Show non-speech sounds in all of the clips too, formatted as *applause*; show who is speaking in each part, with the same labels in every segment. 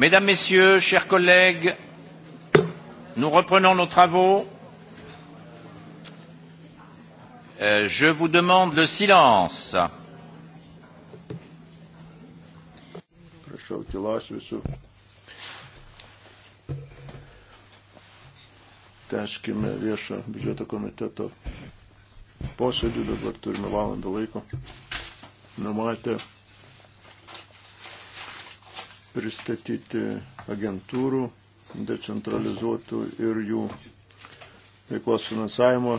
Speaker 1: Mesdames, Messieurs, chers collègues, nous reprenons nos travaux. Euh, je vous demande le silence. Prašau, tylos visų. Teškime viešą biudžeto komiteto posėdį, dabar turime valandą laiko. Numatę pristatyti agentūrų, decentralizuotų ir jų veiklos finansavimo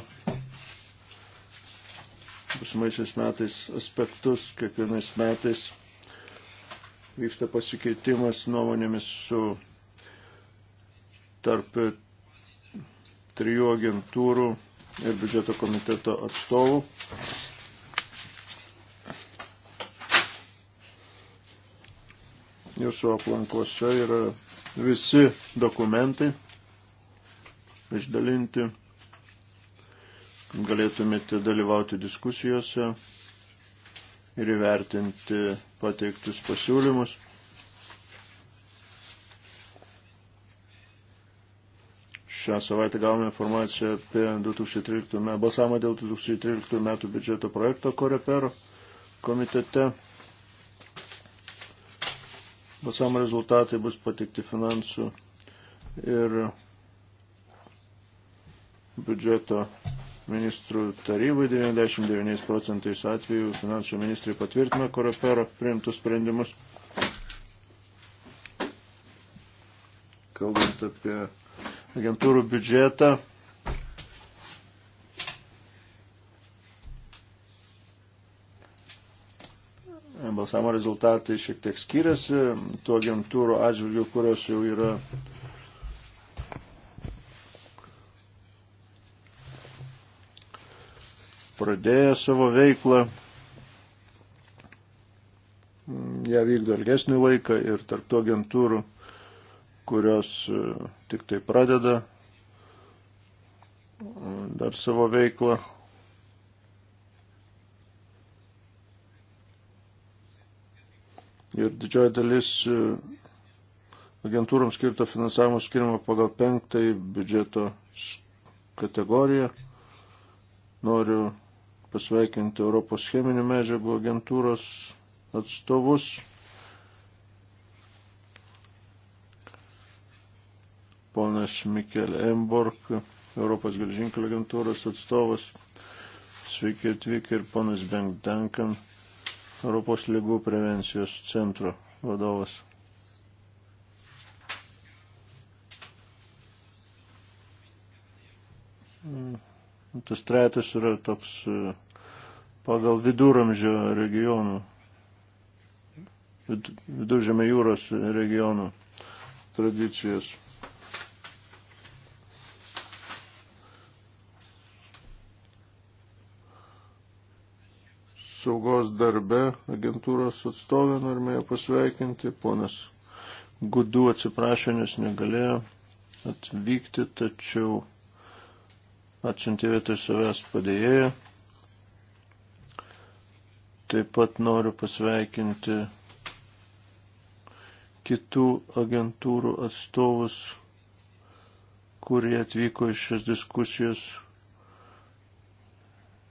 Speaker 1: busimaisiais metais aspektus, kiekvienais metais vyksta pasikeitimas nuomonėmis su tarp trijų agentūrų ir biudžeto komiteto atstovų. Jūsų aplankuose yra visi dokumentai išdalinti. Galėtumėte dalyvauti diskusijose ir įvertinti pateiktus pasiūlymus. Šią savaitę gavome informaciją apie 2013 metų, balsavimą dėl 2013 metų biudžeto projekto Korepero komitete. Balsavimo rezultatai bus pateikti finansų ir biudžeto ministrų tarybai 99 procentais atvejų finansų ministrai patvirtina korepero priimtus sprendimus. Kalbant apie agentūrų biudžetą, finansavimo rezultatai šiek tiek skiriasi tų agentūrų atžvilgių, kurios jau yra pradėję savo veiklą, ją vykdo ilgesnį laiką ir tarptų agentūrų, kurios e, tik tai pradeda e, dar savo veiklą, ir didžioji dalis e, agentūroms skirto finansavimo skirimo pagal penktąjį biudžeto kategoriją. Noriu pasveikinti Europos cheminių medžiagų agentūros atstovus. Ponas Mikel Emborg, Europos gelžinkelio agentūros atstovas. Sveiki atvykę ir ponas Bengdankan, Europos lygų prevencijos centro vadovas. Mm. Tas tretas yra toks e, pagal viduramžio regionų, viduržėme jūros regionų tradicijos. saugos darbe agentūros atstovė, norime ją pasveikinti. Ponas Gudu atsiprašė, nes negalėjo atvykti, tačiau atsiuntė vietoj savęs padėjėją. Taip pat noriu pasveikinti kitų agentūrų atstovus, kurie atvyko iš šios diskusijos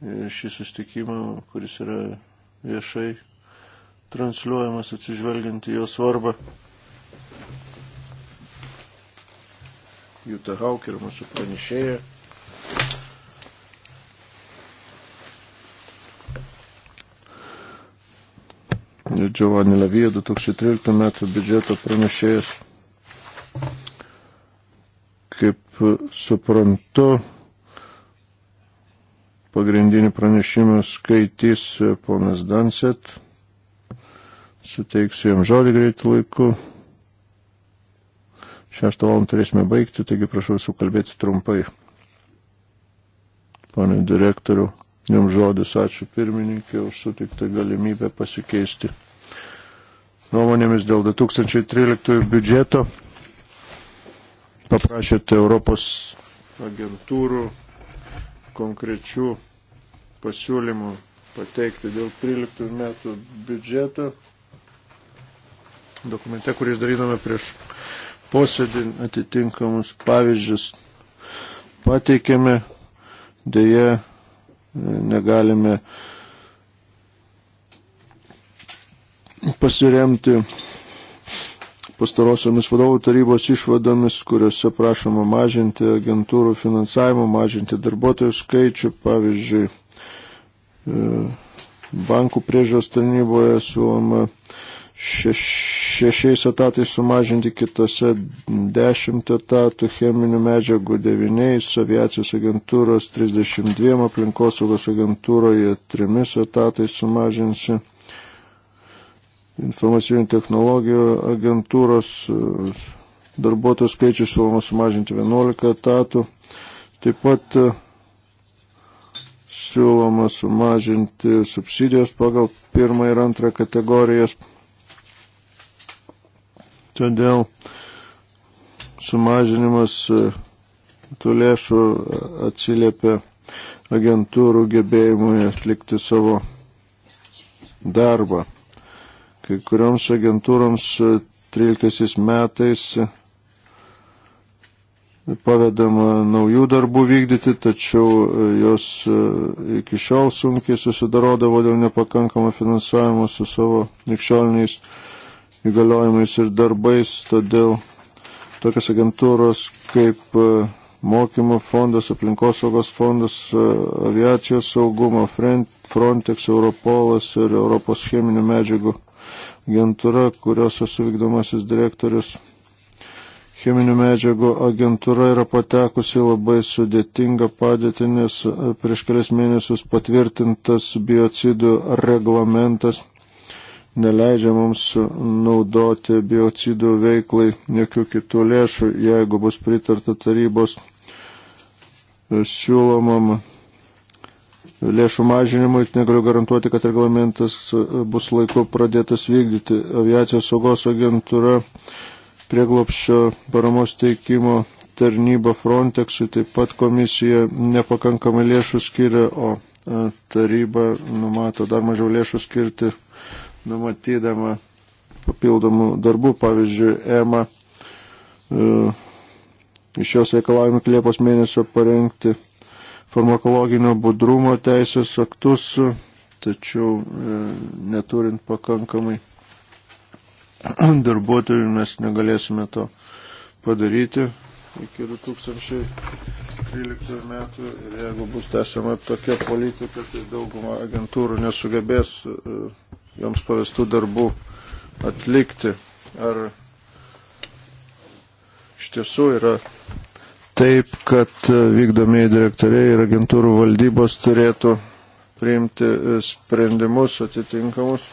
Speaker 1: šį sustikimą, kuris yra viešai transliuojamas atsižvelgiant į jo svarbą. Jūta Hauk ir mūsų pranešėja. Giovanni Lavija 2013 metų biudžeto pranešėjas. Kaip suprantu, Pagrindinį pranešimą skaitys e, ponas Danset. Suteiksiu jam žodį greitų laiku. Šeštą valandą turėsime baigti, taigi prašau sukalbėti trumpai. Pane direktoriu, jums žodis ačiū pirmininkė už sutiktą galimybę pasikeisti nuomonėmis dėl 2013 biudžeto paprašėte Europos agentūrų konkrečių pasiūlymų pateikti dėl 13 metų biudžeto. Dokumente, kurį išdarydame prieš posėdį, atitinkamus pavyzdžius pateikėme, dėje negalime pasiremti pastarosiomis vadovų tarybos išvadomis, kuriuose prašoma mažinti agentūrų finansavimą, mažinti darbuotojų skaičių, pavyzdžiui, e, bankų priežios tarnyboje siūloma šeš, šešiais etatais sumažinti, kitose dešimt etatų, cheminių medžiagų devyniais, aviacijos agentūros 32, aplinkosaugos agentūroje trimis etatais sumažinsi informacinių technologijų agentūros e, darbuotojų skaičius siūloma sumažinti 11 etatų. Taip pat e, siūloma sumažinti subsidijas pagal pirmą ir antrą kategorijas. Todėl sumažinimas e, tų lėšų atsiliepia agentūrų gebėjimui atlikti savo darbą. Kai kurioms agentūroms 13 e, metais e, pavedama naujų darbų vykdyti, tačiau e, jos iki šiol sunkiai susidarodavo dėl nepakankamo finansavimo su savo nikščioliniais įgaliojimais ir darbais, todėl tokios agentūros kaip mokymo fondas, aplinkosaugos fondas, aviacijos saugumo, Frontex, Europolas ir Europos cheminių medžiagų agentūra, kurios esu vykdomasis direktorius. Cheminių medžiagų agentūra yra patekusi labai sudėtinga padėtį, nes e, prieš kelias mėnesius patvirtintas biocidų reglamentas neleidžia mums naudoti biocidų veiklai jokių kitų lėšų, jeigu bus pritarta tarybos e, siūlomam lėšų mažinimui, negaliu garantuoti, kad reglamentas e, bus laiku pradėtas vykdyti. Aviacijos saugos agentūra prieglopščio paramos teikimo tarnyba Frontexui, taip pat komisija nepakankamai lėšų skiria, o e, taryba numato dar mažiau lėšų skirti, numatydama papildomų darbų, pavyzdžiui, EMA. E, iš jos reikalavimų Liepos mėnesio parengti farmakologinio budrumo teisės aktus, tačiau e, neturint pakankamai *clears throat* darbuotojų mes negalėsime to padaryti iki 2013 metų ir jeigu bus tęsiama tokia politika, tai dauguma agentūrų nesugebės e, joms pavestų darbų atlikti. Ar iš tiesų yra taip, kad e, vykdomieji direktoriai ir agentūrų valdybos turėtų priimti e, sprendimus atitinkamus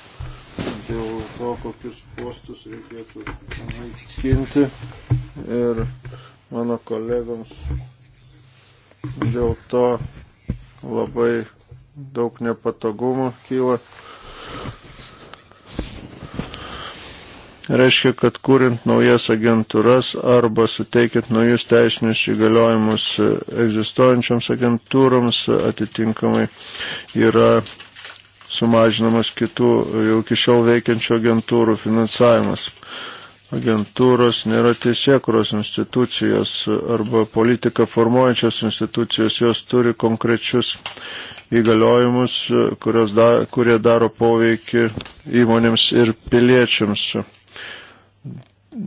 Speaker 1: dėl to, kokius postus reikėtų naikinti ir mano kolegoms dėl to labai daug nepatogumų kyla reiškia, kad kūrint naujas agentūras arba suteikiant naujus teisinius įgaliojimus egzistuojančioms agentūroms atitinkamai yra sumažinamas kitų jau iki šiol veikiančių agentūrų finansavimas. Agentūros nėra teisėkuros institucijos arba politiką formuojančios institucijos, jos turi konkrečius įgaliojimus, da, kurie daro poveikį įmonėms ir piliečiams.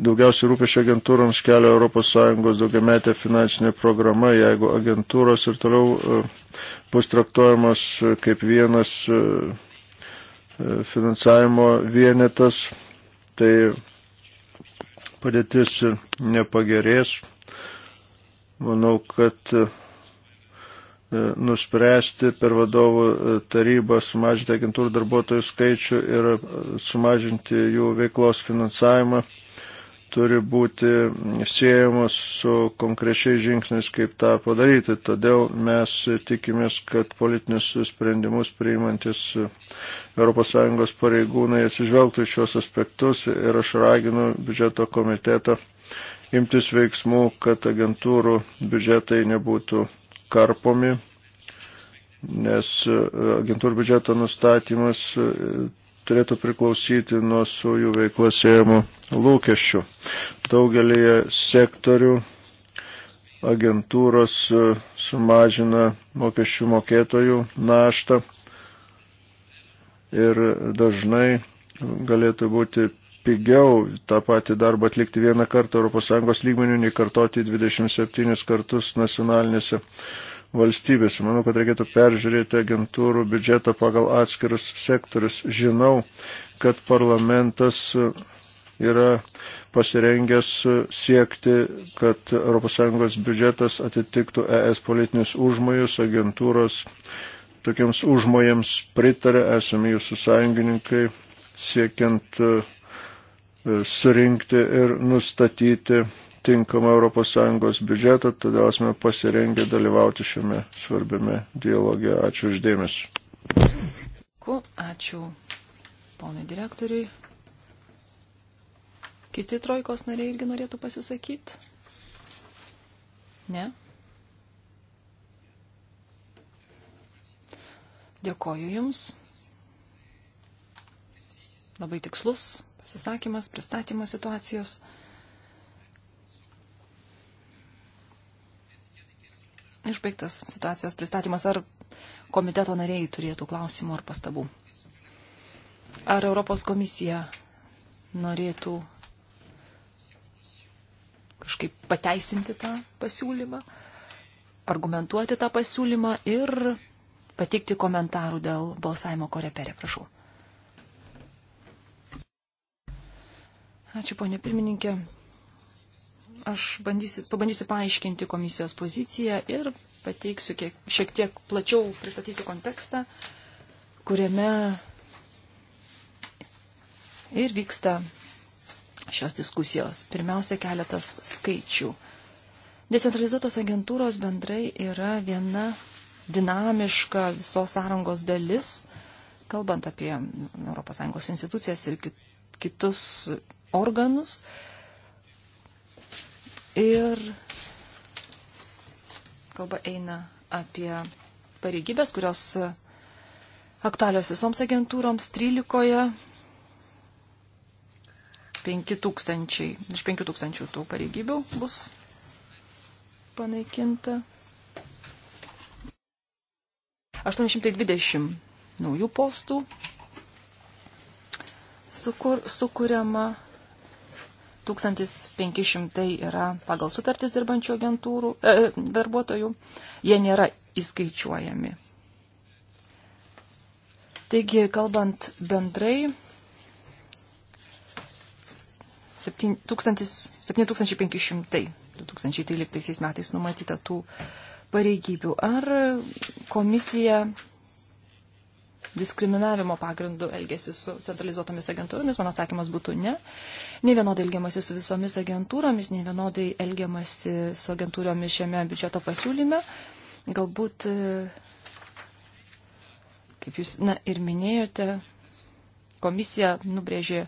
Speaker 1: Daugiausiai rūpešio agentūroms kelia ES daugiametė finansinė programa, jeigu agentūros ir toliau e, bus traktuojamas e, kaip vienas e, finansavimo vienetas, tai padėtis nepagerės. Manau, kad E, nuspręsti per vadovų e, tarybą sumažinti agentūrų darbuotojų skaičių ir e, sumažinti jų veiklos finansavimą turi būti siejamos su konkrečiai žingsnis, kaip tą padaryti. Todėl mes tikimės, kad politinius sprendimus priimantis ES pareigūnai atsižvelgtų į šios aspektus ir aš raginu biudžeto komitetą imtis veiksmų, kad agentūrų biudžetai nebūtų karpomi, nes e, agentūrų biudžeto nustatymas e, turėtų priklausyti nuo su jų veiklos siejamų lūkesčių. Daugelį sektorių agentūros e, sumažina mokesčių mokėtojų naštą ir dažnai galėtų būti pigiau tą patį darbą atlikti vieną kartą ES lygmenių, nei kartoti 27 kartus nacionalinėse valstybėse. Manau, kad reikėtų peržiūrėti agentūrų biudžetą pagal atskirus sektorius. Žinau, kad parlamentas yra pasirengęs siekti, kad ES biudžetas atitiktų ES politinius užmojus, agentūros tokiems užmojams pritarė, esame jūsų sąjungininkai, siekiant uh, surinkti ir nustatyti tinkamą ES biudžetą, todėl esame pasirengę dalyvauti šiame svarbiame dialoge. Ačiū uždėmesi.
Speaker 2: Ačiū ponui direktoriui. Kiti trojkos nariai irgi norėtų pasisakyti? Ne? Dėkoju Jums. Labai tikslus pasisakymas, pristatymas situacijos. Išbaigtas situacijos pristatymas. Ar komiteto nariai turėtų klausimų ar pastabų? Ar Europos komisija norėtų kažkaip pateisinti tą pasiūlymą, argumentuoti tą pasiūlymą ir pateikti komentarų dėl balsavimo korepere, prašau. Ačiū, ponė pirmininkė. Aš bandysiu, pabandysiu paaiškinti komisijos poziciją ir pateiksiu kiek, šiek tiek plačiau, pristatysiu kontekstą, kuriame ir vyksta šios diskusijos. Pirmiausia, keletas skaičių. Decentralizuotos agentūros bendrai yra viena dinamiška visos sąrangos dalis, kalbant apie ES institucijas ir kitus organus. Ir kalba eina apie pareigybės, kurios aktualios visoms agentūroms 13. 5000, iš 5000 tų pareigybių bus panaikinta. 820 naujų postų sukur, sukuriama 1500 yra pagal sutartis dirbančių agentūrų, e, darbuotojų, jie nėra įskaičiuojami. Taigi, kalbant bendrai, 7500 2013 metais numatyta tų pareigybių. Ar komisija diskriminavimo pagrindų elgesi su centralizuotomis agentūromis? Mano atsakymas būtų ne ne vienodai elgiamasi su visomis agentūromis, ne vienodai elgiamasi su agentūromis šiame biudžeto pasiūlyme. Galbūt, e, kaip jūs na, ir minėjote, komisija nubrėžė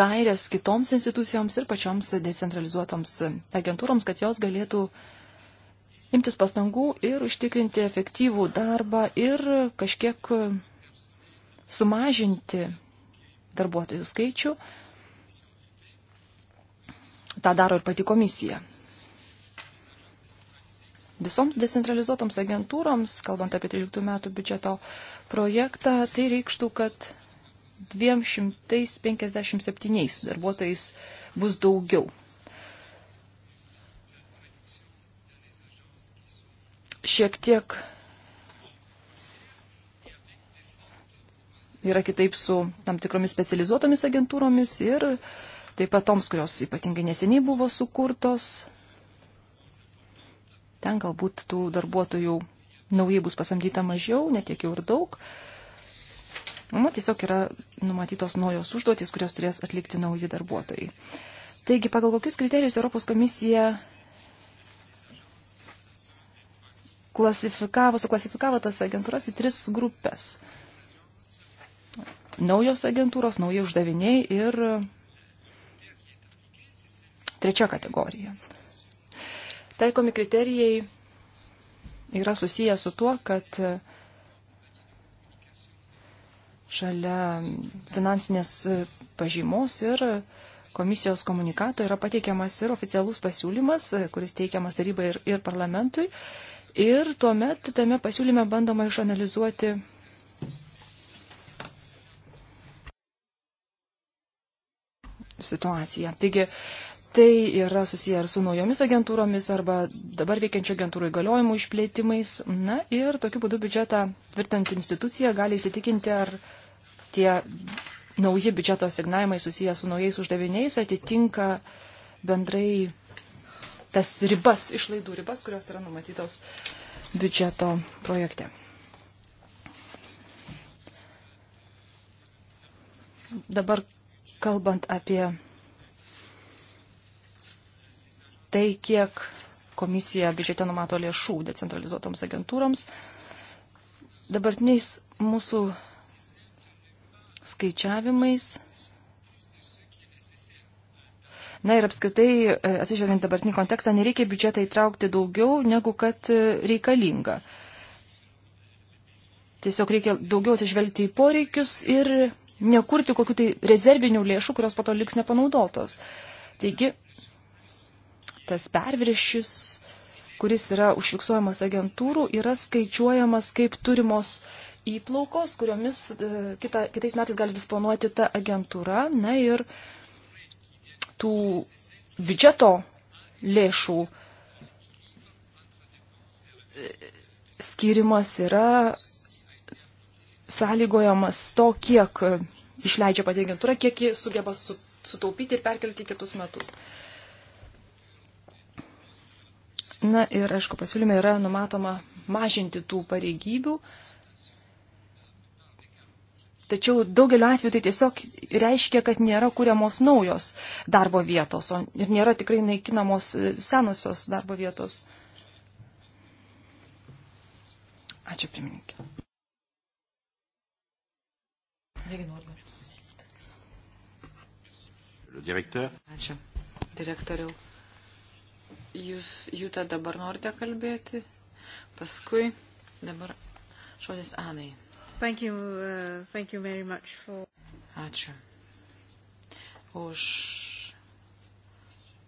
Speaker 2: gairias kitoms institucijoms ir pačioms decentralizuotoms agentūroms, kad jos galėtų imtis pastangų ir užtikrinti efektyvų darbą ir kažkiek sumažinti darbuotojų skaičių, tą daro ir pati komisija. Visoms decentralizuotoms agentūroms, kalbant apie 13 metų biudžeto projektą, tai reikštų, kad 257 darbuotojais bus daugiau. Šiek tiek yra kitaip su tam tikromis specializuotomis agentūromis ir uh, taip pat toms, kurios ypatingai neseniai buvo sukurtos. Ten galbūt tų darbuotojų naujai bus pasamdyta mažiau, netiek jau ir daug. Na, tiesiog yra numatytos naujos užduotis, kurias turės atlikti nauji darbuotojai. Taigi, pagal kokius kriterijus Europos komisija klasifikavo, suklasifikavo tas agentūras į tris grupės. Naujos agentūros, nauji uždaviniai ir Trečia kategorija. Taikomi kriterijai yra susiję su tuo, kad šalia finansinės pažymos ir komisijos komunikato yra pateikiamas ir oficialus pasiūlymas, kuris teikiamas tarybai ir, ir parlamentui. Ir tuomet tame pasiūlyme bandoma išanalizuoti situaciją. Taigi Tai yra susiję ir su naujomis agentūromis arba dabar veikiančių agentūrų įgaliojimų išplėtimais. Na ir tokiu būdu biudžetą tvirtinant instituciją gali įsitikinti, ar tie nauji biudžeto signavimai susiję su naujais uždaviniais atitinka bendrai tas ribas, išlaidų ribas, kurios yra numatytos biudžeto projekte. Dabar kalbant apie tai, kiek komisija biudžete numato lėšų decentralizuotoms agentūroms. Dabartiniais mūsų skaičiavimais. Na ir apskritai, e, atsižvelgiant dabartinį kontekstą, nereikia biudžetą įtraukti daugiau, negu kad e, reikalinga. Tiesiog reikia daugiau atsižvelgti į poreikius ir nekurti kokių tai rezervinių lėšų, kurios po to liks nepanaudotos. Taigi, tas perviršis, kuris yra užfiksuojamas agentūrų, yra skaičiuojamas kaip turimos įplaukos, kuriomis e, kita, kitais metais gali disponuoti ta agentūra. Na ir tų biudžeto lėšų e, skirimas yra sąlygojamas to, kiek išleidžia pati agentūra, kiek ji sugeba su, sutaupyti ir perkelti kitus metus. Uh, Na ir, aišku, pasiūlyme yra numatoma mažinti tų pareigybių. Tačiau daugeliu atveju tai tiesiog reiškia, kad nėra kuriamos naujos darbo vietos ir nėra tikrai naikinamos e, senosios darbo vietos. Ačiū, pirmininkė. Ačiū,
Speaker 3: direktoriau jūs Jūta dabar norite kalbėti, paskui dabar žodis Anai. Thank you, uh, thank you very much for... Ačiū už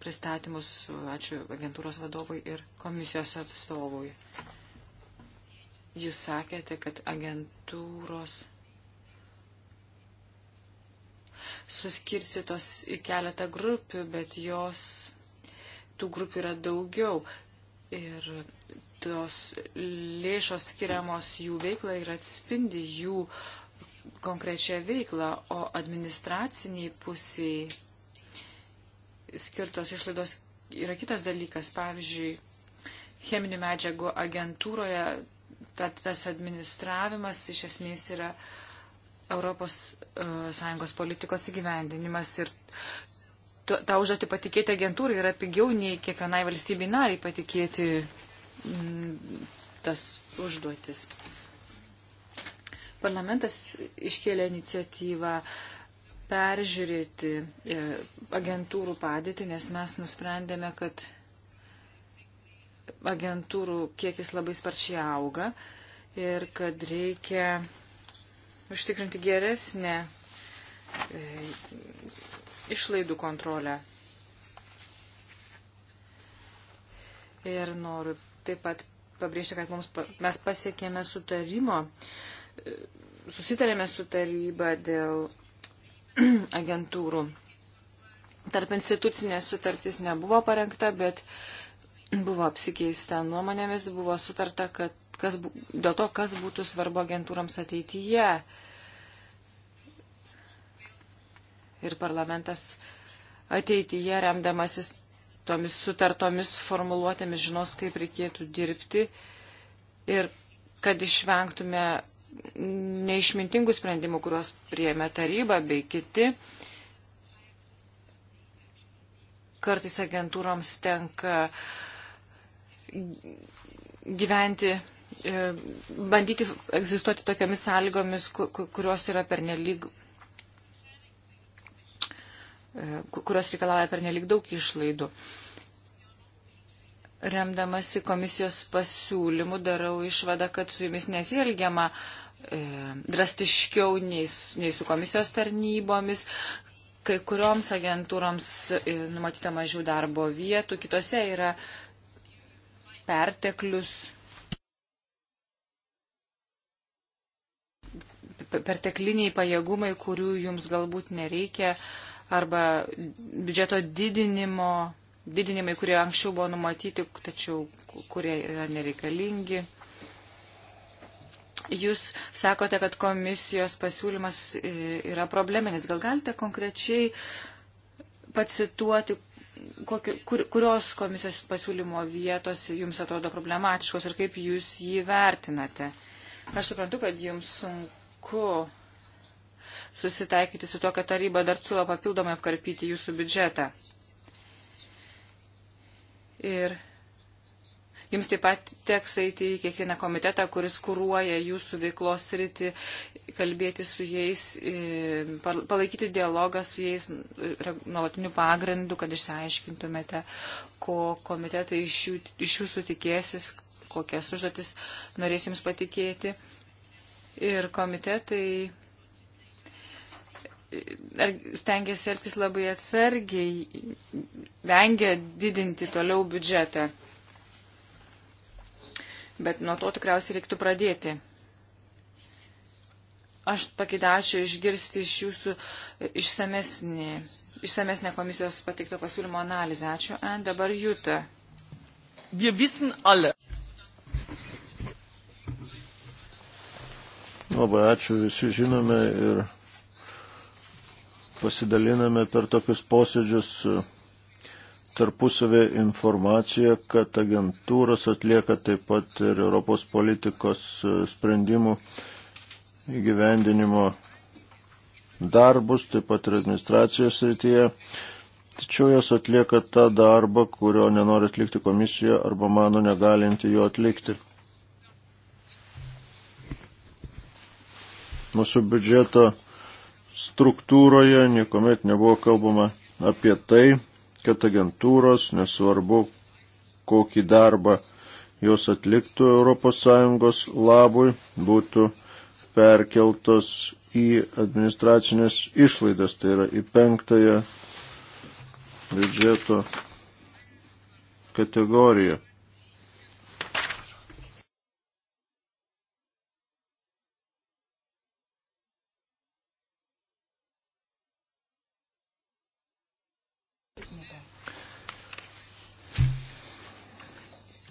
Speaker 3: pristatymus, ačiū agentūros vadovui ir komisijos atstovui. Jūs sakėte, kad agentūros suskirstytos į keletą grupių, bet jos tų grupių yra daugiau ir tos lėšos skiriamos jų veiklą ir atspindi jų konkrečią veiklą, o administraciniai pusiai skirtos išlaidos yra kitas dalykas. Pavyzdžiui, cheminių medžiagų agentūroje tas administravimas iš esmės yra Europos e, Sąjungos politikos įgyvendinimas ir tą užduotį patikėti agentūrai yra pigiau nei kiekvienai valstybei nariai patikėti m, mm, tas užduotis. Parlamentas iškėlė iniciatyvą peržiūrėti e, agentūrų padėtį, nes mes nusprendėme, kad agentūrų kiekis labai sparčiai auga ir kad reikia užtikrinti geresnę e, išlaidų kontrolę. Ir noriu taip pat pabrėžti, kad mums, mes pasiekėme sutarimo, susitarėme su taryba dėl *clears throat* agentūrų. Tarp institucinės sutartys nebuvo parengta, bet buvo apsikeista nuomonėmis, buvo sutarta, kad kas, dėl to, kas būtų svarbu agentūrams ateityje. Uh, ir parlamentas ateityje remdamasis tomis sutartomis formuluotėmis žinos, kaip reikėtų dirbti ir kad išvengtume neišmintingų sprendimų, kuriuos prieėmė taryba bei kiti. Kartais agentūroms tenka gyventi, e, bandyti egzistuoti tokiamis sąlygomis, kurios yra pernelyg E, kurios reikalauja per nelik daug išlaidų. Remdamasi komisijos pasiūlymų darau išvadą, kad su jumis nesielgiama e, drastiškiau nei, nei su komisijos tarnybomis, kai kurioms agentūroms e, numatyta mažiau darbo vietų, kitose yra perteklius, pertekliniai pajėgumai, kurių jums galbūt nereikia. E, arba biudžeto didinimo, didinimai, kurie anksčiau buvo numatyti, tačiau kurie yra nereikalingi. Jūs sakote, kad komisijos pasiūlymas e, yra probleminis. Gal galite konkrečiai pacituoti, kokio, kur, kurios komisijos pasiūlymo vietos jums atrodo problematiškos ir kaip jūs jį vertinate? Aš suprantu, kad jums sunku susitaikyti su to, kad taryba dar siūlo papildomai apkarpyti jūsų biudžetą. Ir jums taip pat teks eiti į kiekvieną komitetą, kuris kūruoja jūsų veiklos sritį, kalbėti su jais, e, palaikyti dialogą su jais nuolatiniu pagrindu, kad išsiaiškintumėte, ko komitetai iš, jų, iš jūsų tikėsis, kokias užduotis norės jums patikėti. Ir komitetai stengiasi elgtis labai atsargiai, vengia didinti toliau biudžetą. Bet nuo to tikriausiai reiktų pradėti. Aš pakidačiau išgirsti iš jūsų išsamesnį, išsamesnę komisijos pateikto pasiūlymo analizę. Ačiū. En, dabar Jūta.
Speaker 1: Wir wissen alle. Labai ačiū, visi žinome ir pasidaliname per tokius posėdžius e, tarpusavė informacija, kad agentūros atlieka taip pat ir Europos politikos e, sprendimų įgyvendinimo darbus, taip pat ir administracijos srityje. Tačiau jos atlieka tą darbą, kurio nenori atlikti komisija arba mano negalinti jo atlikti. Mūsų biudžeto struktūroje niekuomet nebuvo kalbama apie tai, kad agentūros, nesvarbu kokį darbą jos atliktų ES labui, būtų perkeltos į administracinės išlaidas, tai yra į penktąją biudžeto kategoriją.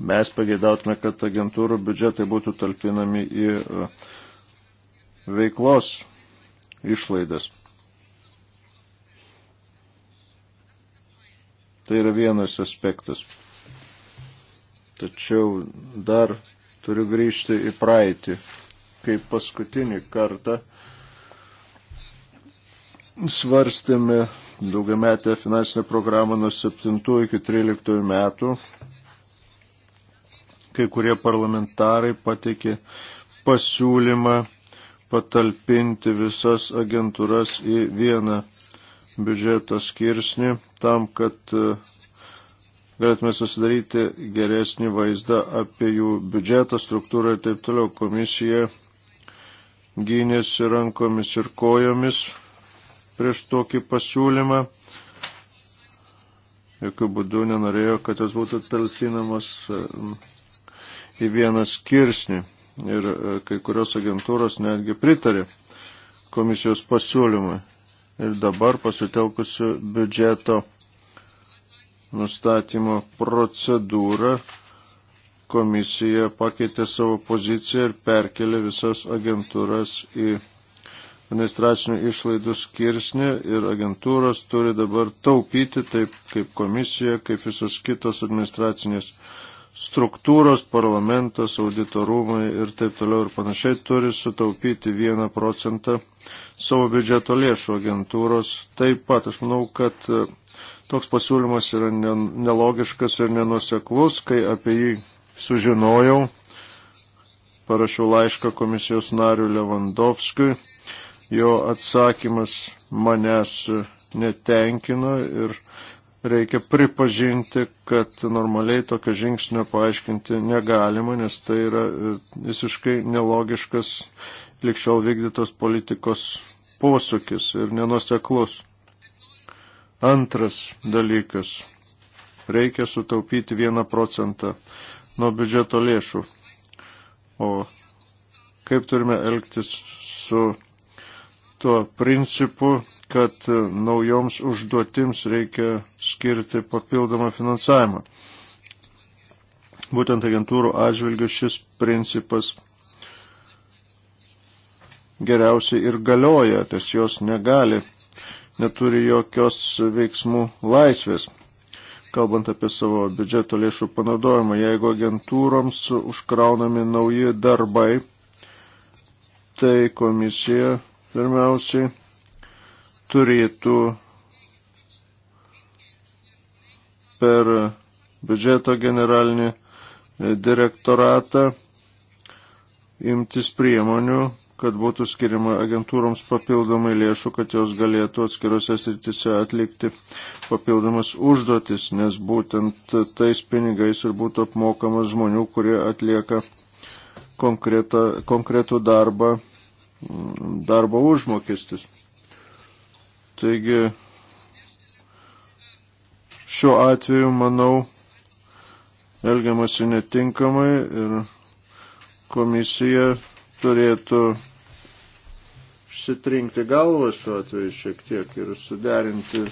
Speaker 1: Mes pageidautume, kad agentūrų biudžetai būtų talpinami į e, veiklos išlaidas. Tai yra vienas aspektas. Tačiau dar turiu grįžti į praeitį, kaip paskutinį kartą svarstėme daugiametę finansinę programą nuo 7 iki 13 metų kai kurie parlamentarai pateikė pasiūlymą patalpinti visas agentūras į vieną biudžeto skirsnį tam, kad e, galėtume susidaryti geresnį vaizdą apie jų biudžetą, struktūrą ir taip toliau. Komisija gynėsi rankomis ir kojomis prieš tokį pasiūlymą. Jokių būdų nenorėjo, kad jos būtų talpinamos e, į vieną skirsnį ir e, kai kurios agentūros netgi pritarė komisijos pasiūlymui. Ir dabar pasitelkusiu biudžeto nustatymo procedūrą komisija pakeitė savo poziciją ir perkelė visas agentūras į administracinių išlaidų skirsnį ir agentūros turi dabar taupyti, taip kaip komisija, kaip visos kitos administracinės struktūros, parlamentas, auditorumai ir taip toliau ir panašiai turi sutaupyti 1 procentą savo biudžeto lėšų agentūros. Taip pat aš manau, kad e, toks pasiūlymas yra nelogiškas ir nenuseklus, kai apie jį sužinojau, parašiau laišką komisijos nariu Levandovskiui, jo atsakymas manęs netenkino ir reikia pripažinti, kad normaliai tokio žingsnio paaiškinti negalima, nes tai yra e, visiškai nelogiškas likščiau vykdytos politikos posūkis ir nenuseklus. Antras dalykas. Reikia sutaupyti vieną procentą nuo biudžeto lėšų. O kaip turime elgtis su tuo principu, kad e, naujoms užduotims reikia skirti papildomą finansavimą. Būtent agentūrų atžvilgių šis principas geriausiai ir galioja, nes jos negali, neturi jokios veiksmų laisvės. Kalbant apie savo biudžeto lėšų panaudojimą, jeigu agentūroms užkraunami nauji darbai, tai komisija pirmiausiai turėtų per biudžeto generalinį direktoratą imtis priemonių, kad būtų skiriama agentūroms papildomai lėšų, kad jos galėtų atskirose sritise atlikti papildomas užduotis, nes būtent tais pinigais ir būtų apmokamas žmonių, kurie atlieka konkretą, konkretų darbą, darbo užmokestis. Taigi šiuo atveju, manau, elgiamasi netinkamai ir komisija turėtų išsitrinkti galvą šiuo atveju šiek tiek ir suderinti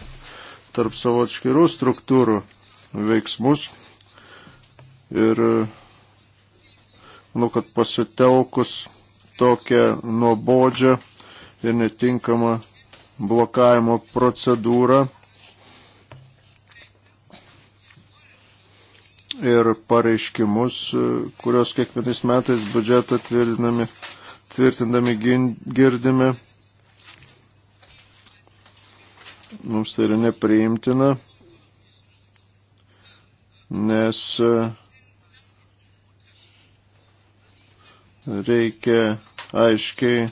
Speaker 1: tarp savo atskirų struktūrų veiksmus. Ir manau, kad pasitelkus tokią nuobodžią ir netinkamą blokavimo procedūrą ir pareiškimus, kurios kiekvienais metais biudžetą tvirtinami, tvirtindami girdime. Mums tai yra nepriimtina, nes e, reikia aiškiai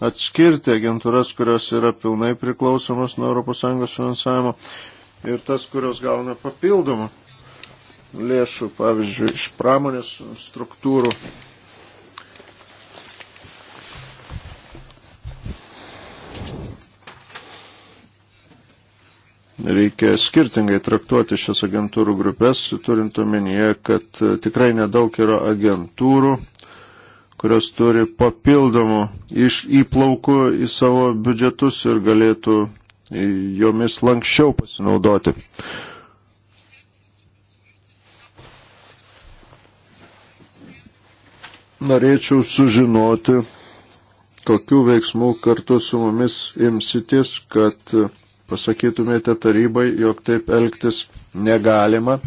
Speaker 1: atskirti agentūras, kurios yra pilnai priklausomos nuo ES finansavimo ir tas, kurios gauna papildomą lėšų, pavyzdžiui, iš pramonės struktūrų. Reikia skirtingai traktuoti šias agentūrų grupės, turint omenyje, kad tikrai nedaug yra agentūrų, kurios turi papildomų iš įplaukų į savo biudžetus ir galėtų e, jomis lankščiau pasinaudoti. Norėčiau sužinoti, kokiu veiksmu kartu su mumis imsitės, kad pasakytumėte tarybai, jog taip elgtis negalima.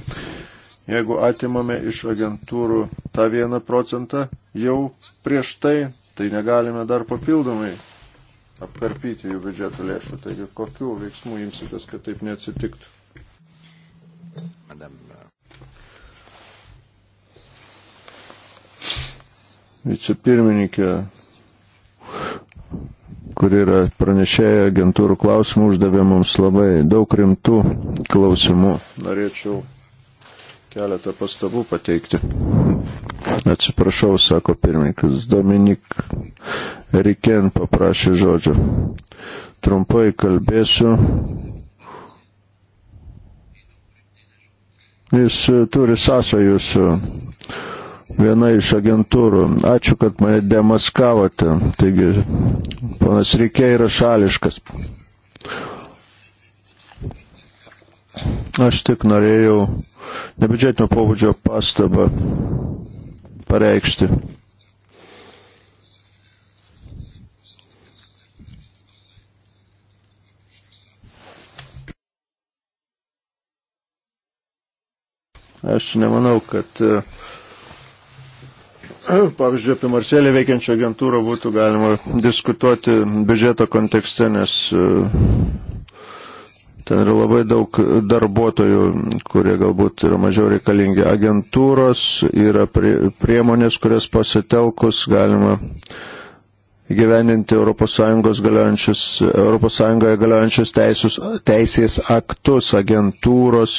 Speaker 1: Jeigu atimame iš agentūrų tą vieną procentą, jau prieš tai, tai negalime dar papildomai apkarpyti jų biudžeto lėšų. Taigi, kokiu veiksmu imsitės, kad taip neatsitiktų? Madame. Uh, Vicepirmininkė, kuri yra pranešėja agentūrų klausimų, uždavė mums labai daug rimtų klausimų. Norėčiau keletą pastabų pateikti. Atsiprašau, sako pirmininkas. Dominik Riken paprašė žodžio. Trumpai kalbėsiu. Jis turi sąsajų su viena iš agentūrų. Ačiū, kad mane demaskavote. Taigi, ponas Rikė yra šališkas. Aš tik norėjau nebiudžetinio pobūdžio pastabą pareikšti. Aš nemanau, kad e, pavyzdžiui apie Marselį veikiančią agentūrą būtų galima diskutuoti biudžeto kontekste, nes e, Ten yra labai daug darbuotojų, kurie galbūt yra mažiau reikalingi. Agentūros yra prie, priemonės, kurias pasitelkus galima gyveninti ES galiojančius, ES galiojančius teisus, teisės aktus agentūros.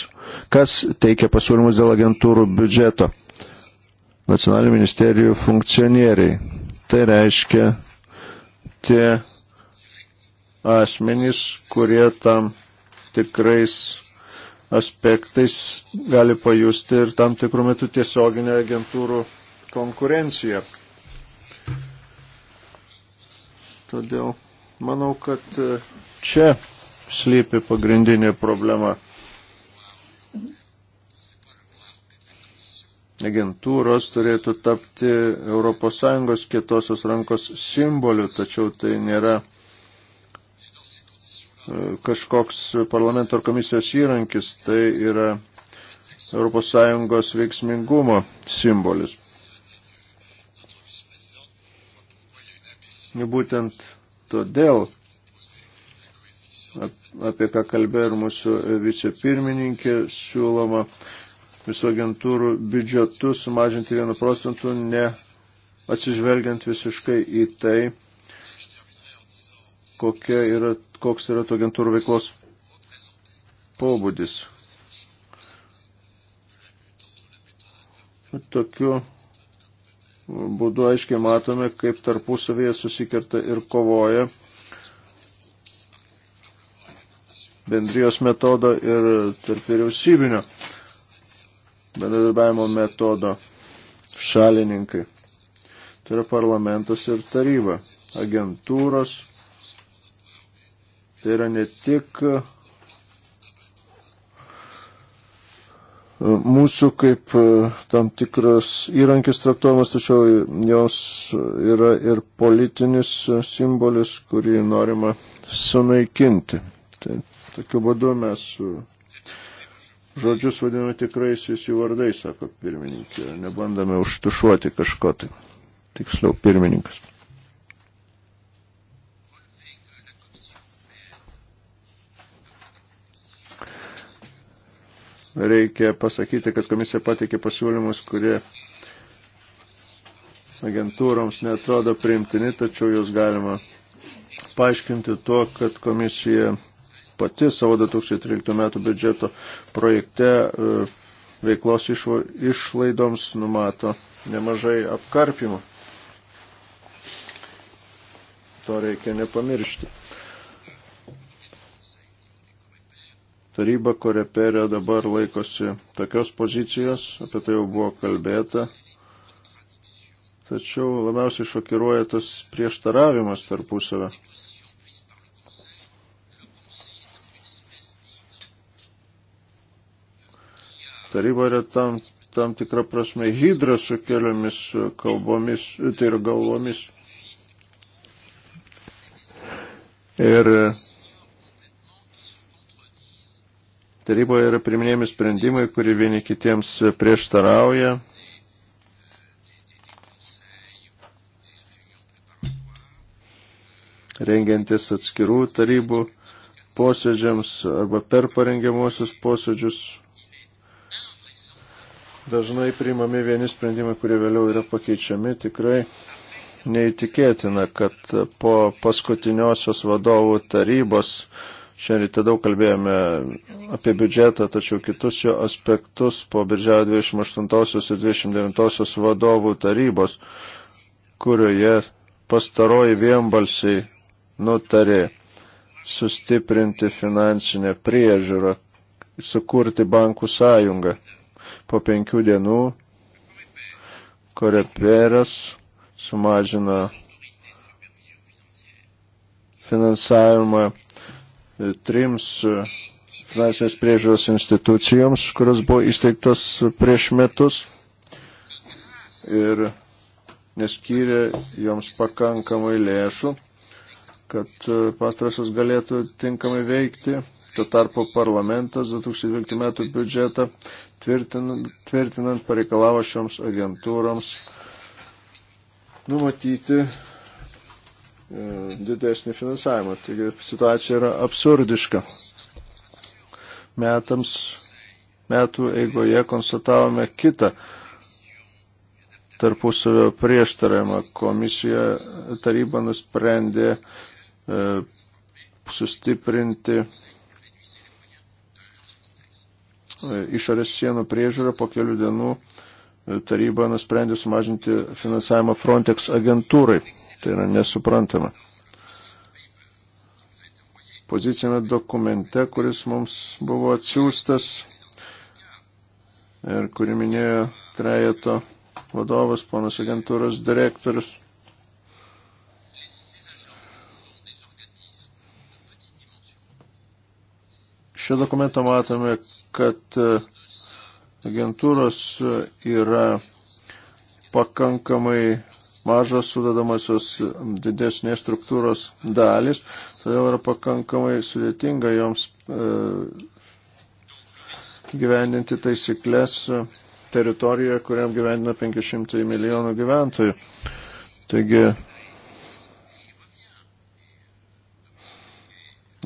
Speaker 1: Kas teikia pasiūlymus dėl agentūrų biudžeto? Nacionalinių ministerijų funkcionieriai. Tai reiškia tie asmenys, kurie tam tikrais aspektais gali pajusti ir tam tikrų metų tiesioginę agentūrų konkurenciją. Todėl manau, kad e, čia slypi pagrindinė problema. Agentūros turėtų tapti ES kietosios rankos simboliu, tačiau tai nėra kažkoks parlamento ar komisijos įrankis, tai yra ES veiksmingumo simbolis. Būtent todėl, apie ką kalbėjo ir mūsų vicepirmininkė, siūloma visų agentūrų biudžetu sumažinti 1 procentų, ne atsižvelgiant visiškai į tai, kokia yra koks yra to agentūrų veiklos pobūdis. Tokiu būdu aiškiai matome, kaip tarpusavėje susikerta ir kovoja bendrijos metodo ir tarp vyriausybinio bendradarbiavimo metodo šalininkai. Tai yra parlamentas ir taryba, agentūros Tai yra ne tik e, mūsų kaip e, tam tikras įrankis traktuojamas, tačiau jos yra ir politinis simbolis, kurį norima sunaikinti. Tai tokiu būdu mes e, žodžius vadiname tikraisiais jų vardais, sako pirmininkė, nebandome užtušuoti kažko tai. Tiksliau, pirmininkas. reikia pasakyti, kad komisija pateikė pasiūlymus, kurie agentūroms netrodo priimtini, tačiau jūs galima paaiškinti tuo, kad komisija pati savo 2013 metų biudžeto projekte e, veiklos išlaidoms numato nemažai apkarpimų. To reikia nepamiršti. Taryba Koreperė dabar laikosi tokios pozicijos, apie tai jau buvo kalbėta. Tačiau labiausiai šokiruoja tas prieštaravimas tarpusavę. Taryba yra tam, tam tikra prasme hydra su keliomis kalbomis, tai yra galvomis. Ir Taryboje yra priminėjami sprendimai, kurie vieni kitiems prieštarauja. Rengiantis atskirų tarybų posėdžiams arba per parengiamuosius posėdžius dažnai priimami vieni sprendimai, kurie vėliau yra pakeičiami. Tikrai neįtikėtina, kad po paskutiniosios vadovų tarybos Šiandien ryte daug kalbėjome apie biudžetą, tačiau kitus jo aspektus po birželio 28 ir 29 vadovų tarybos, kurioje pastaroji vienbalsiai nutarė sustiprinti finansinę priežiūrą, sukurti bankų sąjungą. Po penkių dienų koreperas sumažino finansavimą E, trims e, finansinės priežiūros institucijoms, kurios buvo įsteigtos prieš metus ir neskyrė joms pakankamai lėšų, kad e, pastarosios galėtų tinkamai veikti. Tuo tarpu parlamentas 2012 metų biudžetą tvirtinant, tvirtinant pareikalavo šioms agentūroms numatyti E, didesnį finansavimą. Taigi situacija yra absurdiška. Metams, metų eigoje konstatavome kitą tarpusavio prieštaravimą. Komisija taryba nusprendė e, sustiprinti e, išorės sienų priežiūrą po kelių dienų e, taryba nusprendė sumažinti finansavimą Frontex agentūrai. Tai yra nesuprantama. Pozicijame dokumente, kuris mums buvo atsiūstas ir kurį minėjo trejeto vadovas, ponas agentūros direktorius. Šio dokumento matome, kad e, agentūros e, yra pakankamai mažos sudedamosios didesnės struktūros dalis, todėl yra pakankamai sudėtinga joms e, gyveninti taisyklės e, teritorijoje, kuriam gyvenina 500 milijonų gyventojų. Taigi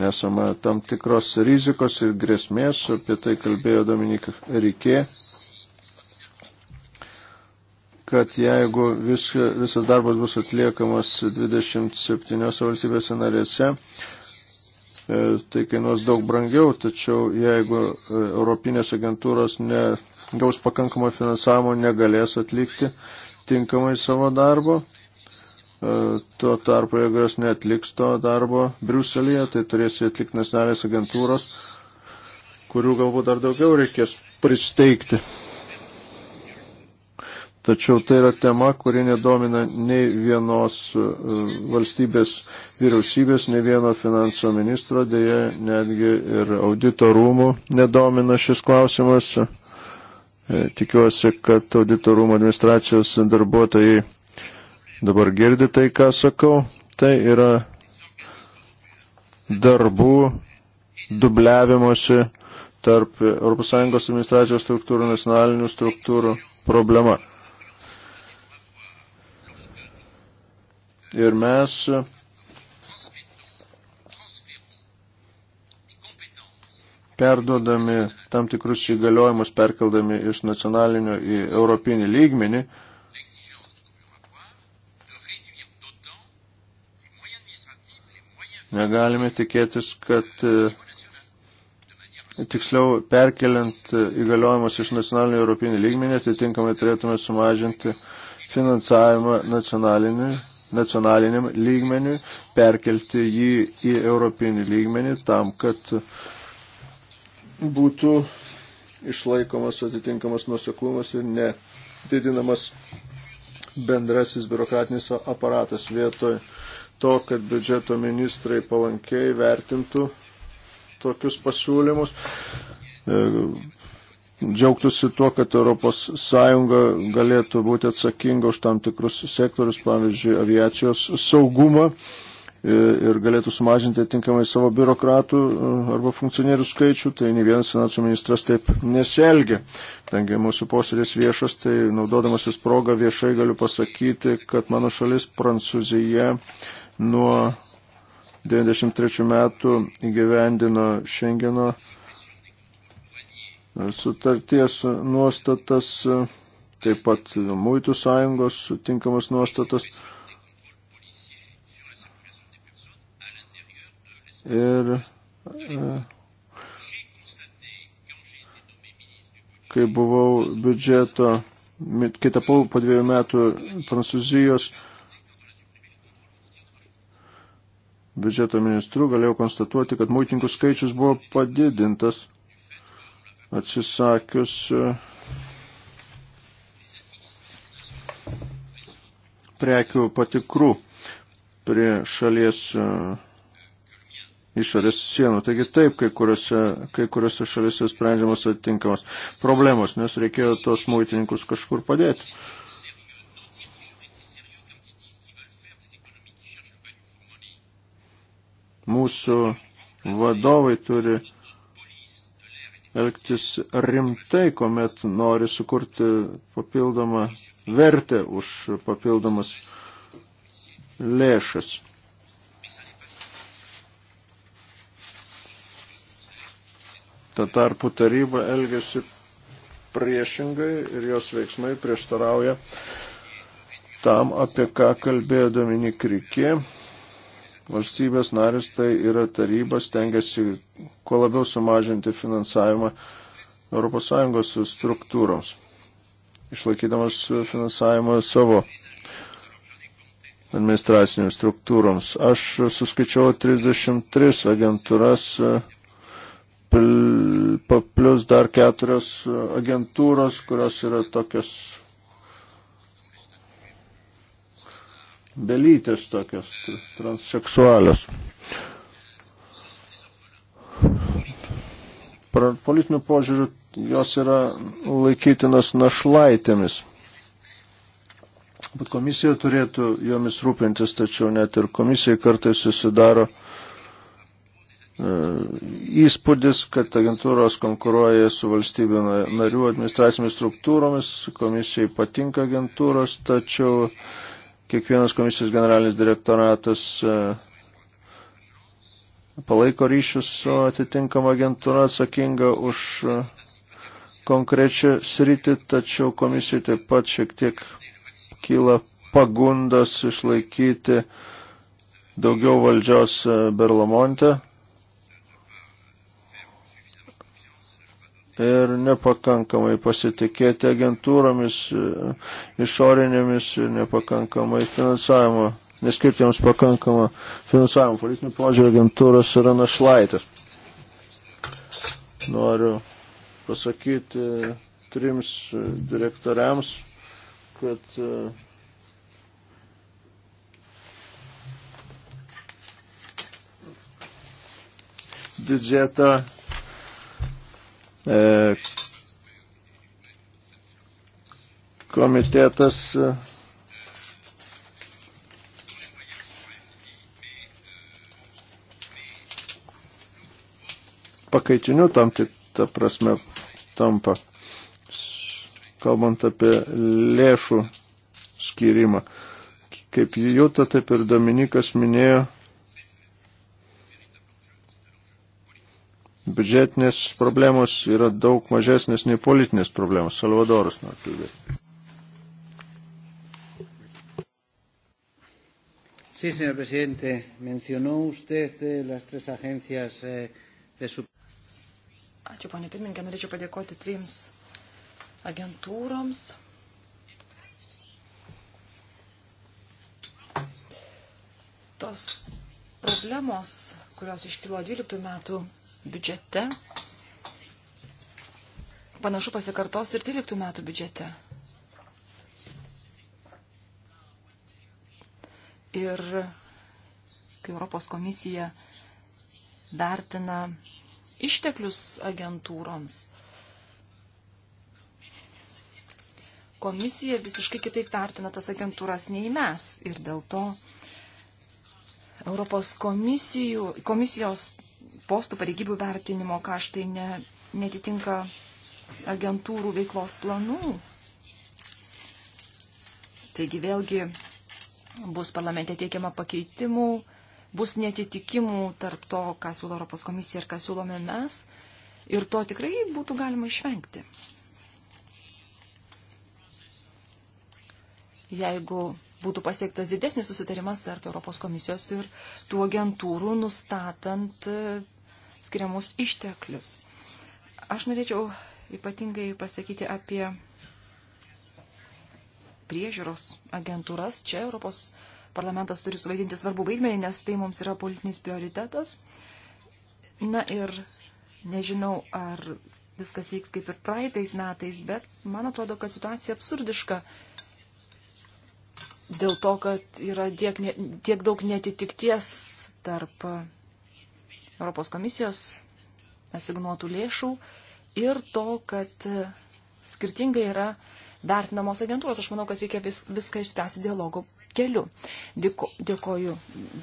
Speaker 1: esame tam tikros rizikos ir grėsmės, apie tai kalbėjo Dominik Rikė kad jeigu vis, visas darbas bus atliekamas 27 valstybėse narėse, e, tai kainuos daug brangiau, tačiau jeigu e, Europinės agentūros negaus pakankamą finansavimo, negalės atlikti tinkamai savo darbo, e, tuo tarpu, jeigu jos netliks to darbo Briuselėje, tai turės atlikti nacionalinės agentūros, kurių galbūt dar daugiau reikės pristeigti. Tačiau tai yra tema, kuri nedomina nei vienos e, valstybės vyriausybės, nei vieno finansų ministro, dėja netgi ir audito rūmų nedomina šis klausimas. E, tikiuosi, kad audito rūmų administracijos darbuotojai dabar girdi tai, ką sakau. Tai yra darbų dubliavimuose tarp ES administracijos struktūrų, nacionalinių struktūrų problema. Ir mes perduodami tam tikrus įgaliojimus, perkeldami iš nacionalinio į europinį lygmenį, negalime tikėtis, kad e, tiksliau perkeliant įgaliojimus iš nacionalinio į europinį lygmenį, atitinkamai turėtume sumažinti finansavimą nacionaliniui nacionaliniam lygmeniui, perkelti jį į europinį lygmenį tam, kad būtų išlaikomas atitinkamas nuseklumas ir nedidinamas bendrasis biurokratinis aparatas vietoj to, kad biudžeto ministrai palankiai vertintų tokius pasiūlymus e, džiaugtųsi tuo, kad ES galėtų būti atsakinga už tam tikrus sektorius, pavyzdžiui, aviacijos saugumą e, ir galėtų sumažinti tinkamai savo biurokratų e, arba funkcionierių skaičių, tai ne vienas finansų ministras taip nesielgia. Tengi mūsų posėdės viešas, tai naudodamasis progą viešai galiu pasakyti, kad mano šalis Prancūzija nuo 93 metų įgyvendino Šengeno sutarties nuostatas, taip pat muitų sąjungos sutinkamas nuostatas. Ir e, kai buvau biudžeto, kai tapau po dviejų metų Prancūzijos biudžeto ministru, galėjau konstatuoti, kad muitininkų skaičius buvo padidintas atsisakius e, prekių patikrų prie šalies e, išorės sienų. Taigi taip, kai kuriuose, kai kuriuose šalise sprendžiamos atitinkamos problemos, nes reikėjo tos muitininkus kažkur padėti. Mūsų vadovai turi elgtis rimtai, kuomet nori sukurti papildomą vertę už papildomas lėšas. Ta tarpu taryba elgesi priešingai ir jos veiksmai prieštarauja tam, apie ką kalbėjo Dominik Rikė, valstybės narės, tai yra taryba, stengiasi kuo labiau sumažinti finansavimą ES struktūroms, išlaikydamas finansavimą savo administracinėms struktūroms. Aš suskaičiau 33 agentūras, plus dar keturios agentūros, kurios yra tokios belytės tokios transseksualios. Politinių požiūrių jos yra laikytinas našlaitėmis. Bet komisija turėtų jomis rūpintis, tačiau net ir komisijai kartais susidaro e, įspūdis, kad agentūros konkuruoja su valstybių narių administracinėmis struktūromis, komisijai patinka agentūros, tačiau Kiekvienas komisijos generalinis direktoratas e, palaiko ryšius su atitinkama agentūra atsakinga už e, konkrečią sritį, tačiau komisijai taip pat šiek tiek kyla pagundas išlaikyti daugiau valdžios e, Berlamonte ir nepakankamai pasitikėti agentūromis, e, išorinėmis ir e, nepakankamai finansavimo, neskirti joms pakankamą finansavimą. Politinių požiūrį agentūros yra našlaitė. Noriu pasakyti trims e, direktoriams, kad biudžetą E, komitetas e, pakaitiniu tam tikrą prasme tampa, kalbant apie lėšų skirimą. Kaip Jūta, taip ir Dominikas minėjo, biudžetinės problemos yra daug mažesnės nei politinės problemos. Salvadoras nori kalbėti.
Speaker 3: Sí, señor presidente. Mencionó usted eh, las tres agencias eh, de su.
Speaker 2: Ačiū, ponė pirmininkė, norėčiau padėkoti trims agentūroms. Tos problemos, kurios iškilo 12 metų biudžete. Panašu pasikartos ir 13 metų biudžete. Ir kai Europos komisija vertina išteklius agentūroms, komisija visiškai kitaip vertina tas agentūras nei mes. Ir dėl to Europos komisijų, komisijos postų pareigybių vertinimo kaštai ne, netitinka agentūrų veiklos planų. Taigi vėlgi bus parlamente teikiama pakeitimų, bus netitikimų tarp to, ką siūlo Europos komisija ir ką siūlome mes. Ir to tikrai būtų galima išvengti. Jeigu būtų pasiektas didesnis susitarimas tarp Europos komisijos ir tų agentūrų nustatant e, skiriamus išteklius. Aš norėčiau ypatingai pasakyti apie priežiūros agentūras. Čia Europos parlamentas turi suvaidinti svarbu vaidmenį, nes tai mums yra politinis prioritetas. Na ir nežinau, ar viskas vyks kaip ir praeitais metais, bet man atrodo, kad situacija absurdiška dėl to, kad yra tiek, ne, tiek daug netitikties tarp Europos komisijos asignuotų lėšų ir to, kad skirtingai yra vertinamos agentūros. Aš manau, kad reikia vis, viską išspręsti dialogo keliu. Dėko, dėkoju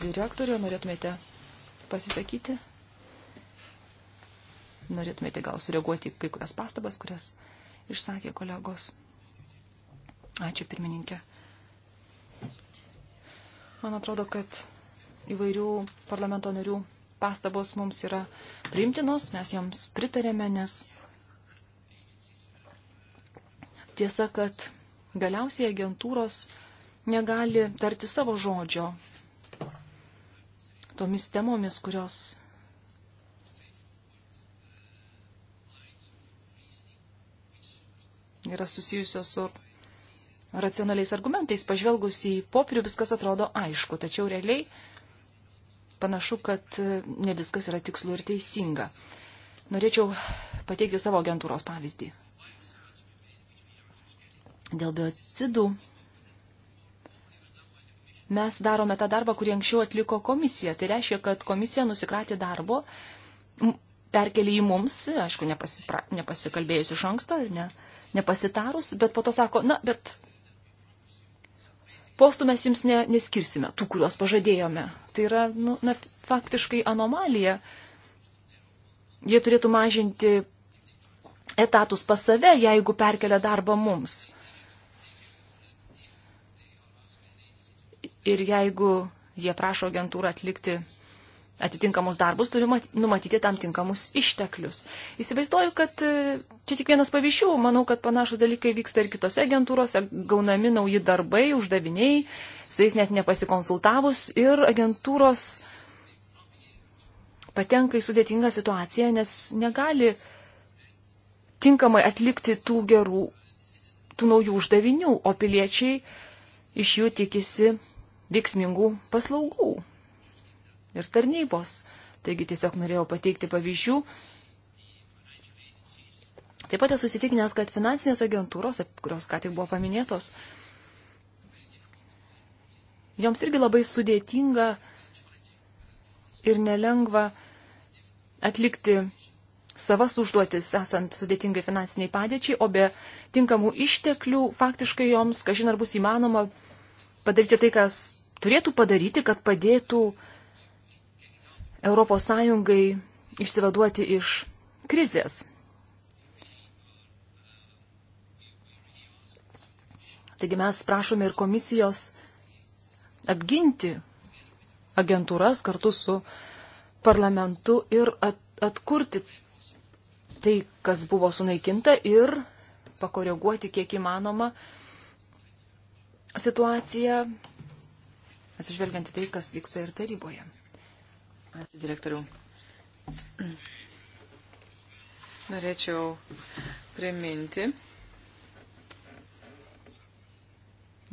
Speaker 2: direktoriu, norėtumėte pasisakyti? Norėtumėte gal sureaguoti kai kurias pastabas, kurias išsakė kolegos. Ačiū pirmininkė. Man atrodo, kad įvairių parlamento narių pastabos mums yra priimtinos, mes joms pritarėme, nes tiesa, kad galiausiai agentūros negali tarti savo žodžio tomis temomis, kurios yra susijusios su racionaliais argumentais. Pažvelgus į popierių viskas atrodo aišku, tačiau realiai panašu, kad e, ne viskas yra tikslu ir teisinga. Norėčiau pateikti savo agentūros pavyzdį. Dėl biocidų mes darome tą darbą, kurį anksčiau atliko komisija. Tai reiškia, kad komisija nusikratė darbo, perkelė į mums, aišku, nepasipra, nepasikalbėjus iš anksto ir ne, nepasitarus, bet po to sako, na, bet postų mes jums ne, neskirsime, tų, kuriuos pažadėjome. Tai yra nu, na, faktiškai anomalija. Jie turėtų mažinti etatus pas save, jeigu perkelia darbą mums. Ir jeigu jie prašo agentūrą atlikti atitinkamus darbus, turiu numatyti tam tinkamus išteklius. Įsivaizduoju, kad e, čia tik vienas pavyzdžių, manau, kad panašus dalykai vyksta ir kitose agentūrose, gaunami nauji darbai, uždaviniai, su jais net nepasikonsultavus ir agentūros patenka į sudėtingą situaciją, nes negali tinkamai atlikti tų gerų, tų naujų uždavinių, o piliečiai iš jų tikisi veiksmingų paslaugų ir tarnybos. Taigi tiesiog norėjau pateikti pavyzdžių. Taip pat esu susitikinęs, kad finansinės agentūros, kurios ką tik buvo paminėtos, joms irgi labai sudėtinga ir nelengva atlikti savas užduotis, esant sudėtingai finansiniai padėčiai, o be tinkamų išteklių faktiškai joms, kažin ar bus įmanoma padaryti tai, kas turėtų padaryti, kad padėtų uh, ES išsivaduoti iš krizės. Taigi mes prašome ir komisijos apginti agentūras kartu su parlamentu ir atkurti tai, kas buvo sunaikinta ir pakoreguoti kiek įmanoma situaciją, atsižvelgiant į tai, kas vyksta ir taryboje. Ačiū, direktoriau.
Speaker 3: Norėčiau priminti,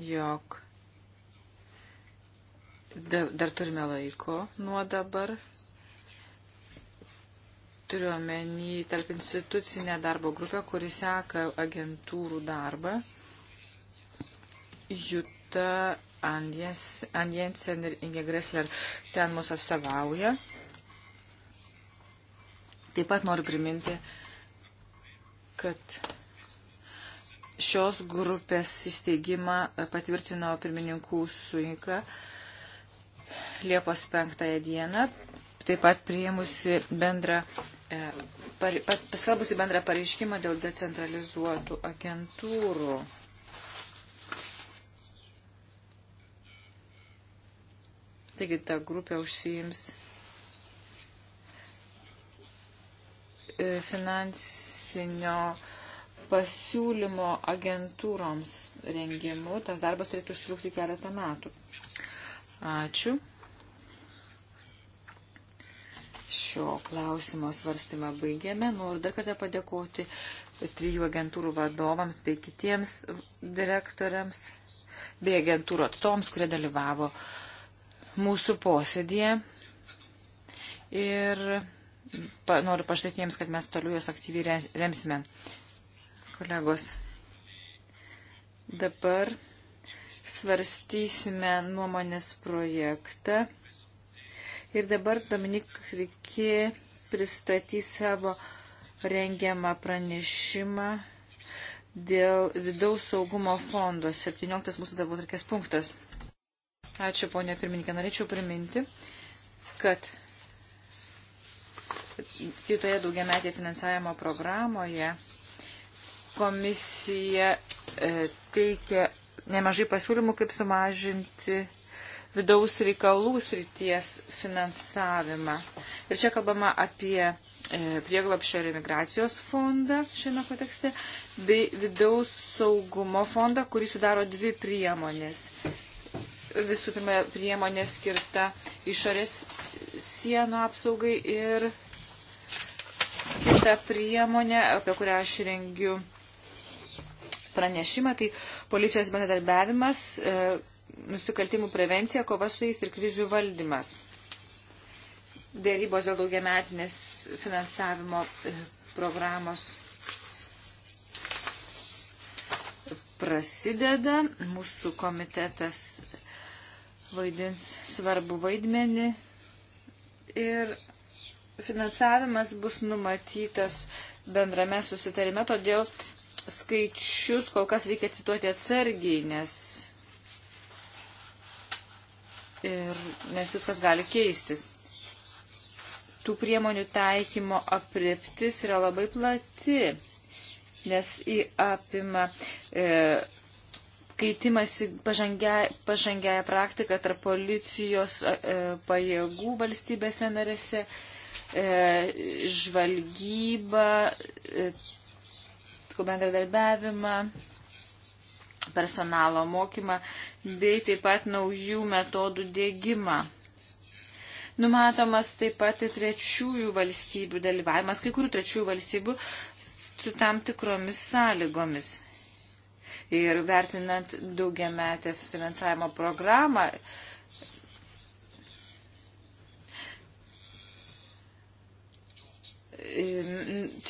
Speaker 3: jog dar turime laiko nuo dabar. Turiuomenį tarp institucinę darbo grupę, kuri seka agentūrų darbą. Juta Anjensen ir Inge Gressler ten mūsų atstovauja. Taip pat noriu priminti, kad šios grupės įsteigimą patvirtino pirmininkų suinka Liepos 5 dieną, taip pat priėmusi bendrą e, paskelbusi bendrą pareiškimą dėl decentralizuotų agentūrų. Taigi ta grupė užsiims e, finansinio pasiūlymo agentūroms rengimu. Tas darbas turėtų užtrukti keletą metų. Ačiū. Šio klausimo svarstymą baigėme. Noriu dar kartą padėkoti trijų agentūrų vadovams bei kitiems direktoriams bei agentūrų atstovams, kurie dalyvavo uh, mūsų posėdėje ir pa, noriu pažadėti jiems, kad mes toliau jos aktyviai remsime. Kolegos, dabar svarstysime nuomonės projektą ir dabar Dominik Rikė pristatys savo rengiamą pranešimą dėl vidaus saugumo fondo 17 mūsų darbo tarkės punktas. Ačiū, ponė pirmininkė. Norėčiau priminti, kad kitoje daugiametėje finansavimo programoje komisija e, teikia nemažai pasiūlymų, kaip sumažinti vidaus reikalų srities finansavimą. Ir čia kalbama apie e, prieglapščio ir imigracijos fondą šiame kontekste, bei vidaus saugumo fondą, kurį sudaro dvi priemonės visų pirma priemonė skirta išorės sienų apsaugai ir kita priemonė, apie kurią aš rengiu pranešimą, tai policijos bendradarbiavimas, e, nusikaltimų prevencija, kova su jais ir krizių valdymas. Dėrybos dėl daugiametinės finansavimo e, programos prasideda. Mūsų komitetas vaidins svarbu vaidmenį ir finansavimas bus numatytas bendrame susitarime, todėl skaičius kol kas reikia cituoti atsargiai, nes, ir, nes viskas gali keistis. Tų priemonių taikymo apriptis yra labai plati, nes į apima e, keitimasi pažangiaja, pažangiaja praktika tarp policijos e, pajėgų valstybėse narėse, e, žvalgyba, e, bendradarbiavimą, personalo mokymą bei taip pat naujų metodų dėgymą. Numatomas taip pat ir trečiųjų valstybių dalyvavimas, kai kurių trečiųjų valstybių su tam tikromis sąlygomis ir vertinant daugiametę finansavimo programą.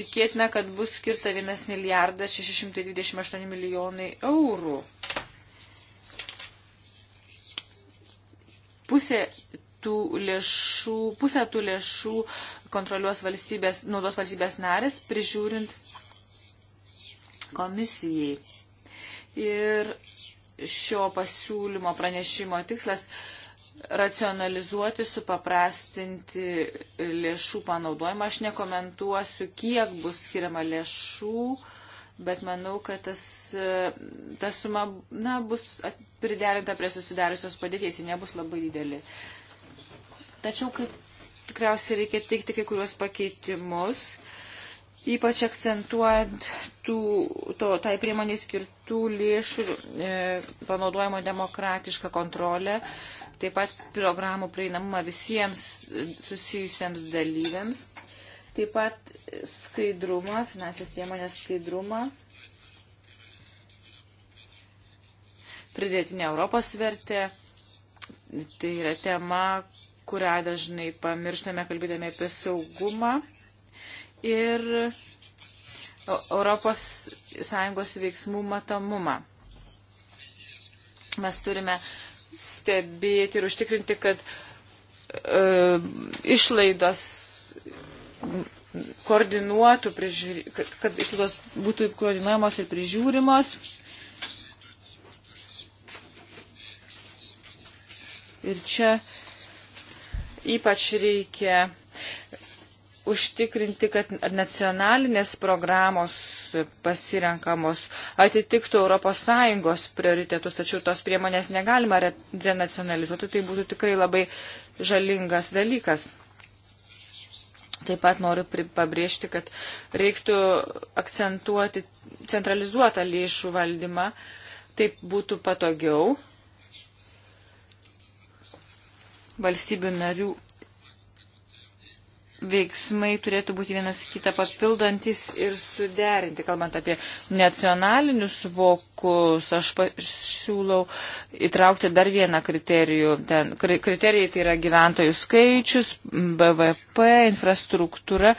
Speaker 3: Tikėtina, kad bus skirta 1 milijardas 628 milijonai eurų. Pusė tų lėšų, pusę tų lėšų kontroliuos valstybės, naudos valstybės narės, prižiūrint komisijai. Ir šio pasiūlymo pranešimo tikslas racionalizuoti, supaprastinti lėšų panaudojimą. Aš nekomentuosiu, kiek bus skiriama lėšų, bet manau, kad tas, ta suma na, bus priderinta prie susidariusios padėties, ji nebus labai didelė. Tačiau, kaip tikriausiai reikia teikti kai kuriuos pakeitimus, uh, ypač akcentuojant tų, to, tai priemonė skirtų lėšų e, panaudojimo demokratišką kontrolę, taip pat programų prieinamumą visiems susijusiems dalyviams, taip pat skaidrumą, finansės priemonės skaidrumą, pridėtinę Europos vertę. Tai yra tema, kurią dažnai pamirštame kalbėdami apie saugumą ir ES veiksmų matomumą. Mes turime stebėti ir užtikrinti, kad e, išlaidos koordinuotų, prižiūri, kad, kad išlaidos būtų koordinuojamos ir prižiūrimos. Ir čia ypač reikia užtikrinti, kad nacionalinės programos pasirenkamos atitiktų ES prioritetus, tačiau tos priemonės negalima renacionalizuoti, tai būtų tikrai labai žalingas dalykas. Taip pat noriu pabrėžti, kad reiktų akcentuoti centralizuotą lėšų valdymą, taip būtų patogiau valstybių narių veiksmai turėtų būti vienas kitą papildantis ir suderinti. Kalbant apie nacionalinius vokus, aš siūlau įtraukti dar vieną kriterijų. Ten, kriterijai tai yra gyventojų skaičius, BVP, infrastruktūra.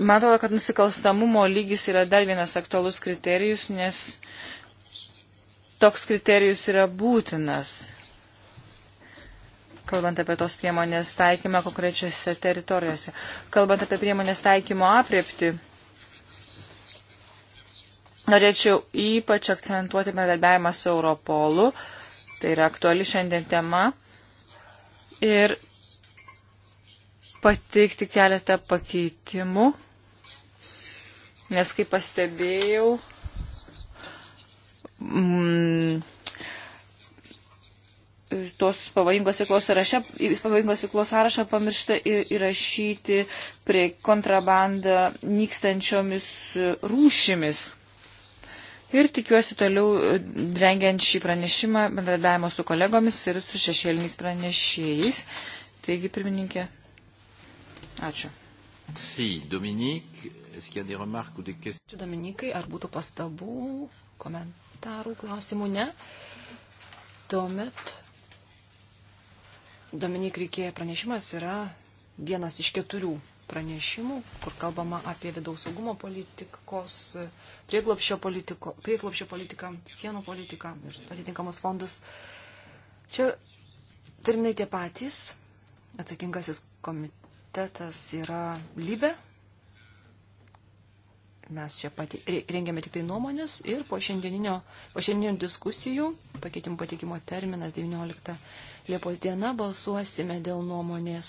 Speaker 3: Man atrodo, kad nusikalstamumo lygis yra dar vienas aktualus kriterijus, nes toks kriterijus yra būtinas kalbant apie tos priemonės taikymą konkrečiose teritorijose. Kalbant apie priemonės taikymo apriepti, norėčiau ypač akcentuoti bendarbiavimą su Europolu. Tai yra aktuali šiandien tema. Ir pateikti keletą pakeitimų, nes kaip pastebėjau, mm, tos pavojingos veiklos sąrašą, pavojingos veiklos sąrašą pamiršta įrašyti prie kontrabandą nykstančiomis e, rūšimis. Ir tikiuosi toliau e, rengiant šį pranešimą bendradavimo su kolegomis ir su šešėliniais pranešėjais.
Speaker 2: Taigi, pirmininkė, ačiū.
Speaker 1: Si, Dominik, eskė des remarques ou des questions?
Speaker 2: Ačiū, Dominikai, ar būtų pastabų, komentarų, klausimų? Ne. Tuomet Dominik Rikė pranešimas yra vienas iš keturių pranešimų, kur kalbama apie vidaus saugumo politikos, prieglopščio, politiko, prieglopščio politiką, sienų politiką ir atitinkamus fondus. Čia terminai tie patys. Atsakingasis komitetas yra Libė. Mes čia pati, rengiame tik tai nuomonės ir po šiandieninio, po šiandieninio diskusijų pakeitimų pateikimo terminas 19 Liepos diena balsuosime dėl nuomonės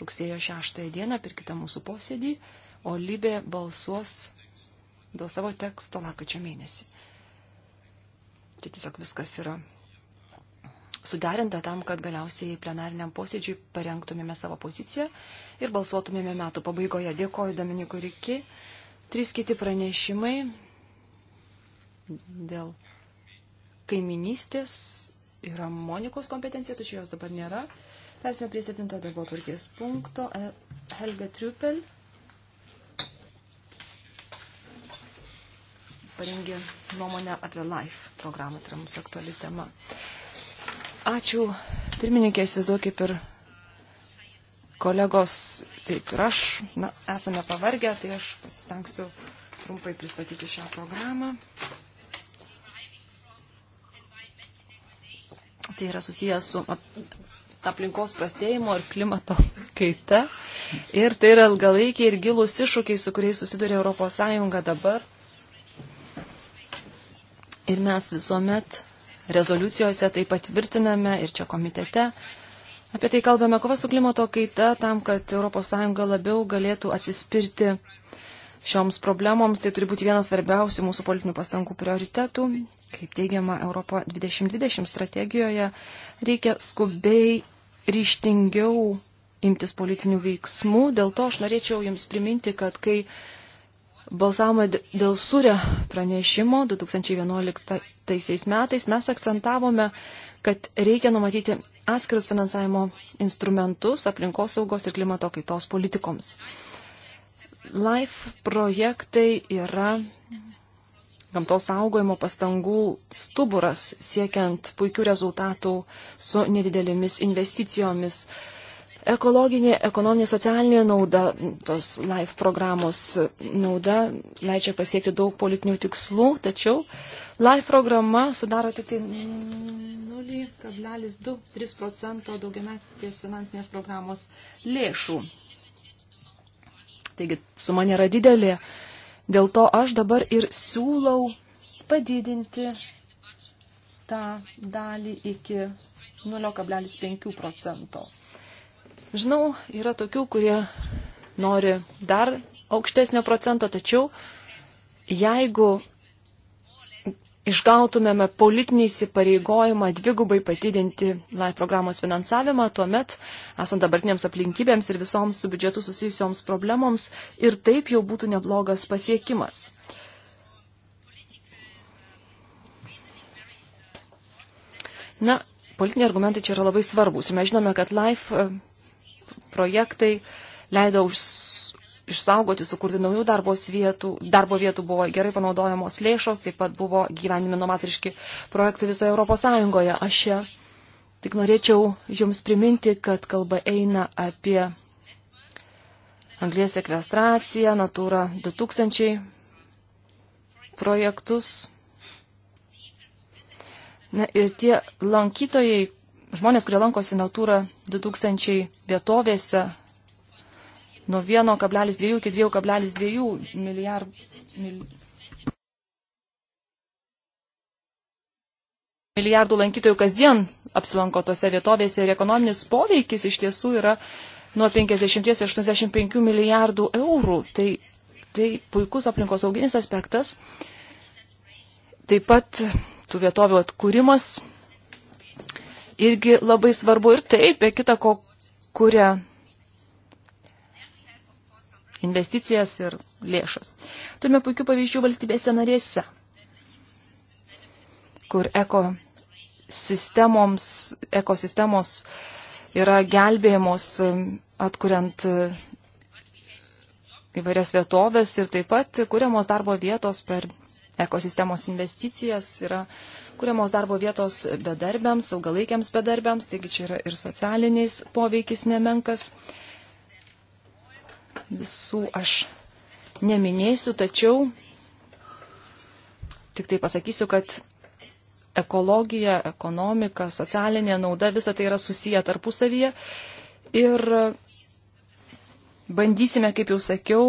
Speaker 2: rugsėjo 6 dieną per kitą mūsų posėdį, o Libė balsuos dėl savo teksto lakačio mėnesį. Čia tiesiog viskas yra suderinta tam, kad galiausiai plenariniam posėdžiui parengtumėme savo poziciją ir balsuotumėme metų pabaigoje. Dėkoju Dominikui Riki. Trys kiti pranešimai dėl kaiminystės yra Monikos kompetencija, tačiau jos dabar nėra. Persime prie 7 darbo tvarkės punkto. E, Helga Triupel parengė nuomonę apie LIFE programą, tai yra mums aktuali tema. Ačiū pirmininkė, įsivaizduokit ir kolegos, taip ir aš, na, esame pavargę, tai aš pasistengsiu trumpai pristatyti šią programą. Tai yra susijęs su aplinkos prastėjimo ir klimato kaita. Ir tai yra ilgalaikiai ir gilus iššūkiai, su kuriais susiduria ES dabar. Ir mes visuomet rezoliucijose tai patvirtiname ir čia komitete. Apie tai kalbame kova su klimato kaita tam, kad ES labiau galėtų atsispirti šioms problemoms, tai turi būti vienas svarbiausių mūsų politinių pastangų prioritetų. Kaip teigiama Europo 2020 strategijoje, reikia skubiai ryštingiau imtis politinių veiksmų. Dėl to aš norėčiau Jums priminti, kad kai balsavome dėl surė pranešimo 2011 metais, mes akcentavome, kad reikia numatyti atskirus finansavimo instrumentus aplinkosaugos ir klimato kaitos politikoms. LIFE projektai yra gamtos saugojimo pastangų stuburas siekiant puikių rezultatų su nedidelėmis investicijomis. Ekologinė, ekonominė, socialinė nauda, tos LIFE programos nauda leidžia pasiekti daug politinių tikslų, tačiau LIFE programa sudaro tik tai 0,23 procento daugiametės finansinės programos lėšų. Taigi suma nėra didelė. Dėl to aš dabar ir siūlau padidinti tą dalį iki 0,5 procento. Žinau, yra tokių, kurie nori dar aukštesnio procento, tačiau jeigu išgautumėme politinį įsipareigojimą dvigubai padidinti LIFE programos finansavimą, tuomet, esant dabartiniams aplinkybėms ir visoms su biudžetu susijusioms problemoms, ir taip jau būtų neblogas pasiekimas. Na, politiniai argumentai čia yra labai svarbus. Mes žinome, kad LIFE e, projektai leido už išsaugoti, sukurti naujų vietų, darbo vietų, buvo gerai panaudojamos lėšos, taip pat buvo gyvenime nomatriški projektai visoje Europos Sąjungoje. Aš čia tik norėčiau Jums priminti, kad kalba eina apie anglės sekvestraciją, Natūra 2000 projektus. Na ir tie lankytojai, žmonės, kurie lankosi Natūra 2000 vietovėse, nuo 1,2 iki 2,2 milijardų. Mil... Milijardų lankytojų kasdien apsilanko tose vietovėse ir ekonominis poveikis iš tiesų yra nuo 50-85 milijardų eurų. Tai, tai puikus aplinkosauginis aspektas. Taip pat tų vietovių atkūrimas irgi labai svarbu ir taip, be kita ko, kuria investicijas ir lėšas. Turime puikių pavyzdžių valstybėse narėse, kur eko sistemoms, ekosistemos yra gelbėjimos atkuriant įvairias vietovės ir taip pat kuriamos darbo vietos per ekosistemos investicijas, yra kuriamos darbo vietos bedarbiams, ilgalaikiams bedarbiams, taigi čia yra ir socialinis poveikis nemenkas. Visų aš neminėsiu, tačiau tik tai pasakysiu, kad ekologija, ekonomika, socialinė nauda, visa tai yra susiję tarpusavyje. Ir bandysime, kaip jau sakiau,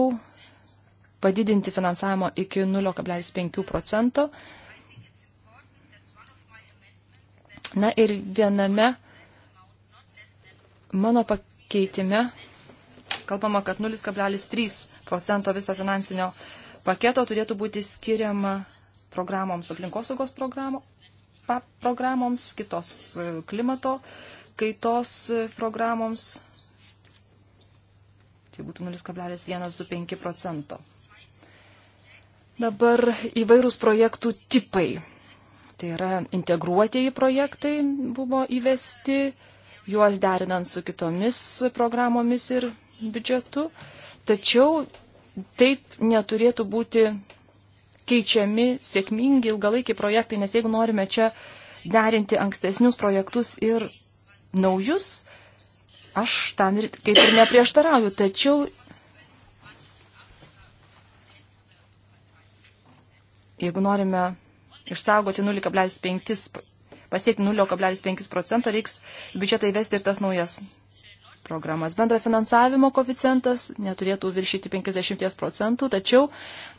Speaker 2: padidinti finansavimo iki 0,5 procento. Na ir viename mano pakeitime kalbama, kad 0,3 procento viso finansinio paketo turėtų būti skiriama programoms, aplinkosaugos programo, pa, programoms, kitos e, klimato kaitos e, programoms. Tai būtų 0,125 procento. Dabar įvairūs projektų tipai. Tai yra integruotieji projektai buvo įvesti, juos derinant su kitomis programomis ir biudžetu, tačiau taip neturėtų būti keičiami sėkmingi ilgalaikiai projektai, nes jeigu norime čia derinti ankstesnius projektus ir naujus, aš tam ir kaip ir neprieštarauju, tačiau jeigu norime išsaugoti 0,5, pasiekti 0,5 procento, reiks biudžetą įvesti ir tas naujas programas. Bendra finansavimo koficijantas neturėtų viršyti 50 procentų, tačiau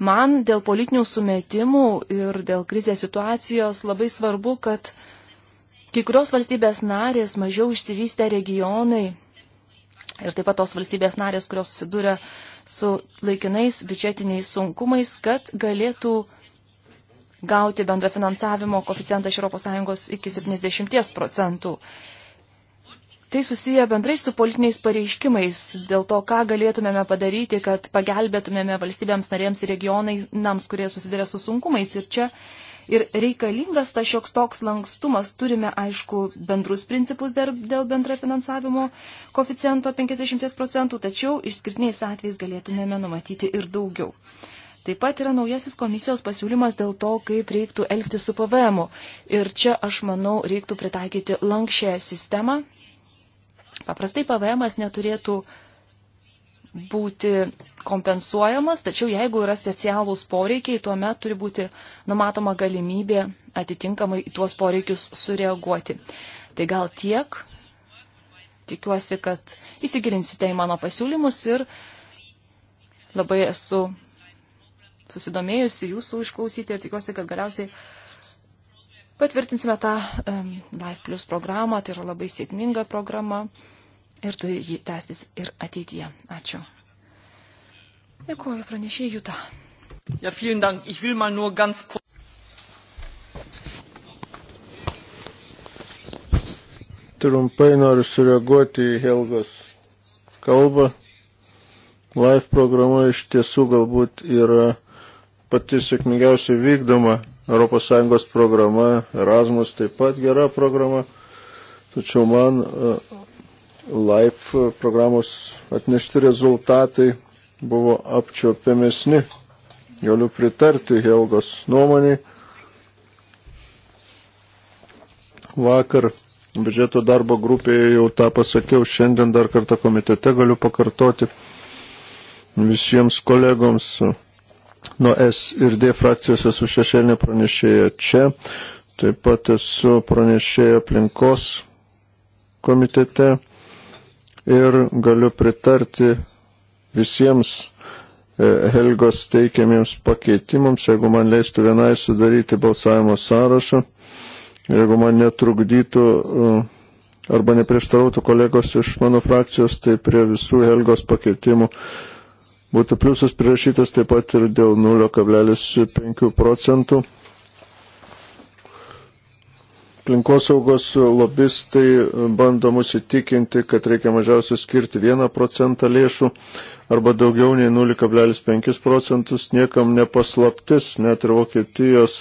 Speaker 2: man dėl politinių sumetimų ir dėl krizės situacijos labai svarbu, kad kai kurios valstybės narės, mažiau išsivystę regionai ir taip pat tos valstybės narės, kurios susiduria su laikinais biudžetiniais sunkumais, kad galėtų gauti bendrą finansavimo koficijantą iš ES iki 70 procentų. Tai susiję bendrai su politiniais pareiškimais dėl to, ką galėtumėme padaryti, kad pagelbėtumėme valstybėms narėms ir regionams, kurie susiduria su sunkumais. Ir čia ir reikalingas tas šioks toks lankstumas. Turime, aišku, bendrus principus dėl bendra finansavimo koficijento 50 procentų, tačiau išskirtiniais atvejais galėtumėme numatyti ir daugiau. Taip pat yra naujasis komisijos pasiūlymas dėl to, kaip reiktų elgti su PVM. -u. Ir čia, aš manau, reiktų pritaikyti lankščią sistemą Paprastai PVM neturėtų būti kompensuojamas, tačiau jeigu yra specialūs poreikiai, tuomet turi būti numatoma galimybė atitinkamai į tuos poreikius sureaguoti. Tai gal tiek. Tikiuosi, kad įsigilinsite į mano pasiūlymus ir labai esu susidomėjusi jūsų išklausyti ir tikiuosi, kad galiausiai patvirtinsime tą um, Life Plus programą. Tai yra labai sėkminga programa ir turi jį tęstis ir ateityje. Ačiū. Dėkuoju pranešėjai Juta. Ja, vielen Dank. Ich will mal nur ganz kurz.
Speaker 1: Trumpai noriu sureaguoti į Helgos kalbą. Live programa iš tiesų galbūt yra pati sėkmingiausiai vykdoma ES programa, Erasmus taip pat gera programa, tačiau man LIFE programos atnešti rezultatai buvo apčiopiamesni. Galiu pritarti Helgos nuomonį. Vakar biudžeto darbo grupėje jau tą pasakiau, šiandien dar kartą komitete galiu pakartoti visiems kolegoms nuo S ir D frakcijos esu šešėlinė pranešėja čia, taip pat esu pranešėja aplinkos komitete ir galiu pritarti visiems e, Helgos teikiamiems pakeitimams, jeigu man leistų vienai sudaryti balsavimo sąrašą, jeigu man netrukdytų e, arba neprieštarautų kolegos iš mano frakcijos, tai prie visų Helgos pakeitimų būtų pliusas prirašytas taip pat ir dėl 0,5 procentų aplinkosaugos lobistai e, bando mus įtikinti, kad reikia mažiausiai skirti 1 procentą lėšų arba daugiau nei 0,5 procentus, niekam nepaslaptis, net ir Vokietijos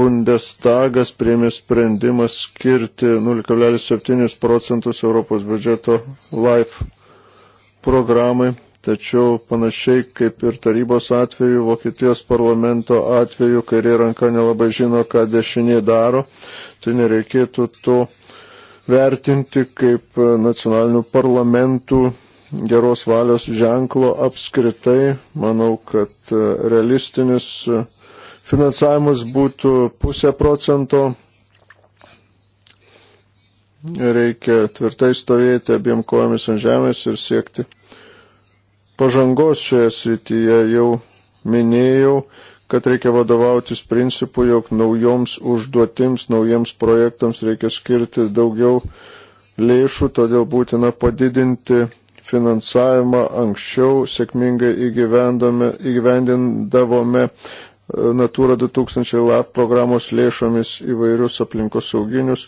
Speaker 1: Bundestagas priėmė sprendimą skirti 0,7 procentus Europos biudžeto LIFE programai Tačiau panašiai kaip ir tarybos atveju, Vokietijos parlamento atveju, kairė ranka nelabai žino, ką dešinė daro, tai nereikėtų to vertinti kaip nacionalinių parlamentų geros valios ženklo apskritai. Manau, kad realistinis finansavimas būtų pusę procento. Reikia tvirtai stovėti abiem kojomis ant žemės ir siekti pažangos šioje srityje. Jau minėjau, kad reikia vadovautis principu, jog naujoms užduotims, naujiems projektams reikia skirti daugiau lėšų, todėl būtina padidinti finansavimą. Anksčiau sėkmingai įgyvendindavome Natūra 2000 LAF programos lėšomis įvairius aplinkosauginius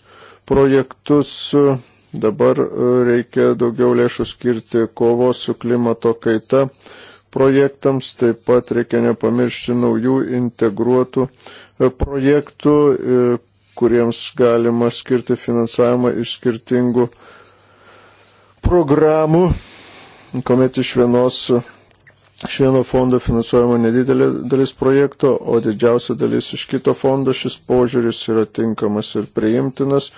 Speaker 1: projektus Dabar e, reikia daugiau lėšų skirti kovos su klimato kaita projektams, taip pat reikia nepamiršti naujų integruotų e, projektų, e, kuriems galima skirti finansavimą iš skirtingų programų, kuomet iš vienos Iš vieno fondo finansuojama nedidelė dalis projekto, o didžiausia dalis iš kito fondo šis požiūris yra tinkamas ir priimtinas.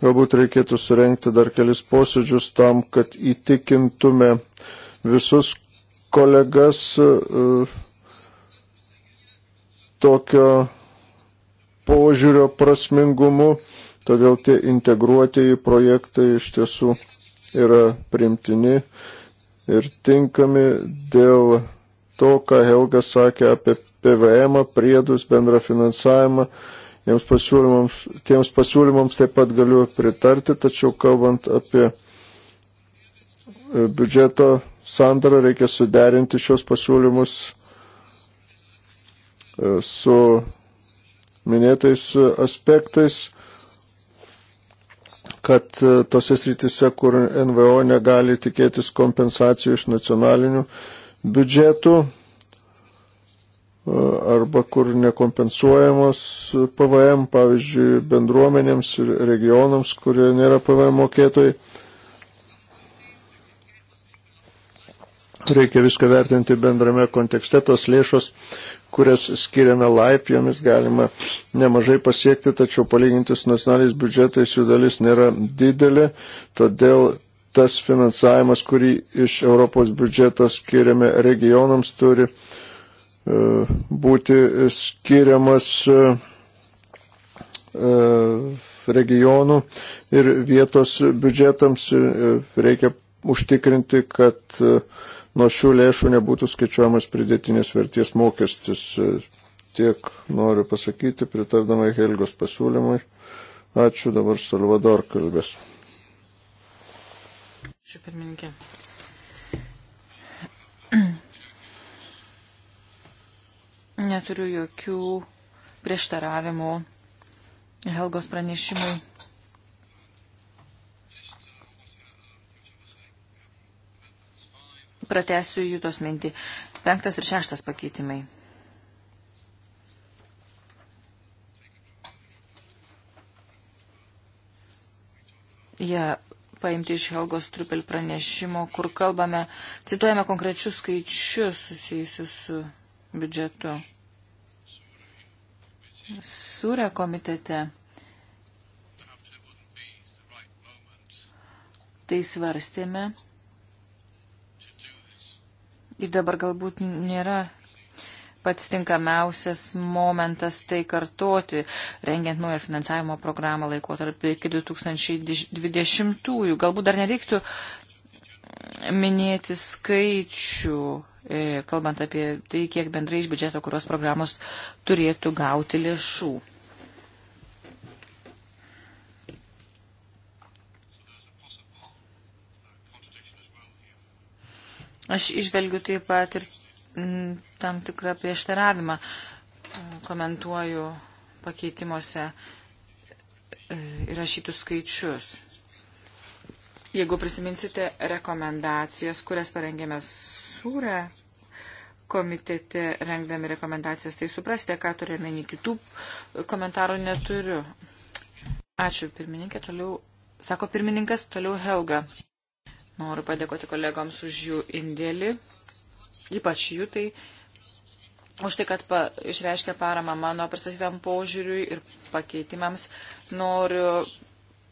Speaker 1: Galbūt reikėtų surenkti dar kelis posėdžius tam, kad įtikintume visus kolegas uh, tokio požiūrio prasmingumu, todėl tie integruotieji projektai iš tiesų yra primtini ir tinkami dėl to, ką Helga sakė apie PVM, priedus, bendrą finansavimą. Jiems pasiūlymams, tiems pasiūlymams taip pat galiu pritarti, tačiau kalbant apie e, biudžeto sandarą, reikia suderinti šios pasiūlymus e, su minėtais aspektais kad e, tose srityse, kur NVO negali tikėtis kompensacijų iš nacionalinių biudžetų e, arba kur nekompensuojamos PVM, pavyzdžiui, bendruomenėms ir regionams, kurie nėra PVM mokėtojai. Reikia viską vertinti bendrame kontekste, tos lėšos kurias skiriame laip, jomis galima nemažai pasiekti, tačiau palyginti su nacionaliais biudžetais jų dalis nėra didelė, todėl tas finansavimas, kurį iš Europos biudžeto skiriame regionams, turi e, būti skiriamas e, e, regionų ir vietos biudžetams reikia užtikrinti, kad uh, nuo šių lėšų nebūtų skaičiuojamas pridėtinės vertės mokestis. Tiek noriu pasakyti, pritardamai Helgos pasiūlymui. Ačiū, dabar Salvador kalbės.
Speaker 3: Ačiū, pirmininkė. Neturiu jokių prieštaravimų Helgos pranešimui. Pratesiu jų tos mintį. Penktas ir šeštas pakeitimai. Jie ja, paimti iš Helgos Trupel pranešimo, kur kalbame, cituojame konkrečius skaičius susijusius su biudžetu. Sūrė komitete. Tai svarstėme ir dabar galbūt nėra pats tinkamiausias momentas tai kartoti, rengiant naują finansavimo programą laikotarpį iki 2020-ųjų. Galbūt dar nereiktų minėti skaičių, e, kalbant apie tai, kiek bendrai iš biudžeto, kurios programos turėtų gauti lėšų. Aš išvelgiu taip pat ir m, mm, tam tikrą prieštaravimą, e, komentuoju pakeitimuose e, įrašytus skaičius. Jeigu prisiminsite rekomendacijas, kurias parengėme sūrę komitete, rengdami rekomendacijas, tai suprasite, ką turėjome, nei kitų komentarų neturiu. Ačiū, pirmininkė, toliau, sako pirmininkas, toliau Helga. Noriu padėkoti kolegoms už jų indėlį, ypač jų tai, už tai, kad pa, išreiškia paramą mano pristatytam požiūriui ir pakeitimams. Noriu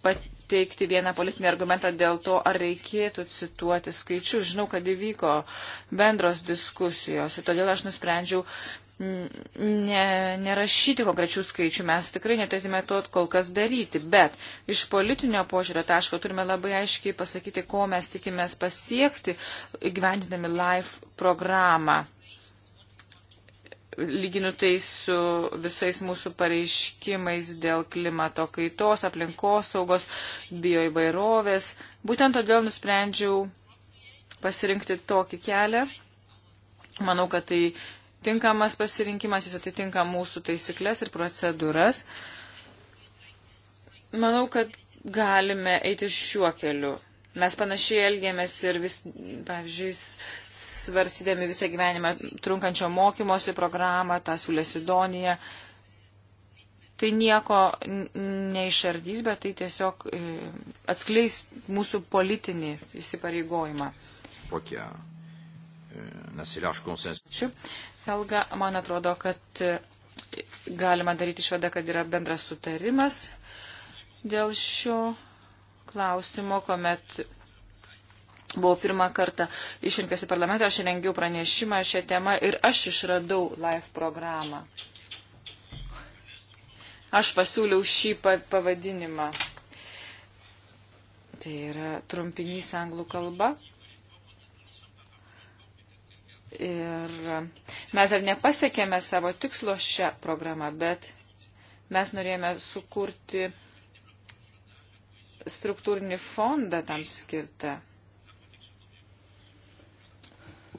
Speaker 3: pateikti vieną politinį argumentą dėl to, ar reikėtų cituoti skaičius. Žinau, kad įvyko bendros diskusijos ir todėl aš nusprendžiau ne, nerašyti konkrečių skaičių, mes tikrai neturėtume to kol kas daryti, bet iš politinio požiūrio taško turime labai aiškiai pasakyti, ko mes tikimės pasiekti, gyvendinami LIFE programą. Lyginu tai su visais mūsų pareiškimais dėl klimato kaitos, aplinkos saugos, bioįvairovės. Būtent todėl nusprendžiau pasirinkti tokį kelią. Manau, kad tai tinkamas pasirinkimas, jis atitinka mūsų taisyklės ir procedūras. Manau, kad galime eiti šiuo keliu. Mes panašiai elgėmės ir vis, pavyzdžiui, svarstydami visą gyvenimą trunkančio mokymosi programą, tą siūlė Sidonija. Tai nieko neišardys, bet tai tiesiog e, atskleis mūsų politinį įsipareigojimą.
Speaker 1: E, Ačiū.
Speaker 3: Helga, man atrodo, kad galima daryti išvadą, kad yra bendras sutarimas dėl šio klausimo, kuomet buvau pirmą kartą išrinktas į parlamentą, aš rengiau pranešimą šią temą ir aš išradau live programą. Aš pasiūliau šį pavadinimą. Tai yra trumpinys anglų kalba. Ir mes dar nepasiekėme savo tikslo šią programą, bet mes norėjome sukurti struktūrinį fondą tam skirtą,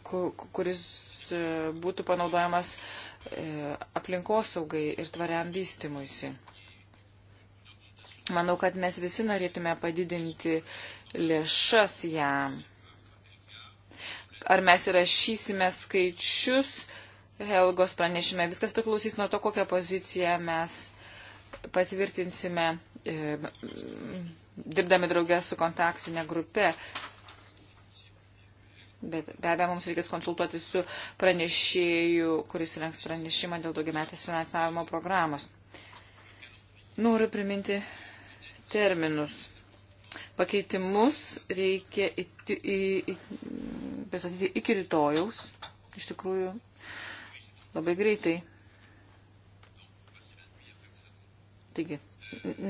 Speaker 3: kuris e, būtų panaudojamas e, aplinkosaugai ir tvariam vystimuisi. Manau, kad mes visi norėtume padidinti lėšas jam ar mes įrašysime skaičius Helgos pranešime. Viskas priklausys nuo to, kokią poziciją mes patvirtinsime, e, dirbdami draugę su kontaktinė grupė. Bet be abejo, mums reikės konsultuoti su pranešėju, kuris rengs pranešimą dėl daugiametės finansavimo programos. Noriu priminti terminus. Pakeitimus reikia į, į, į, pristatyti iki rytojaus. Iš tikrųjų, labai greitai. Taigi,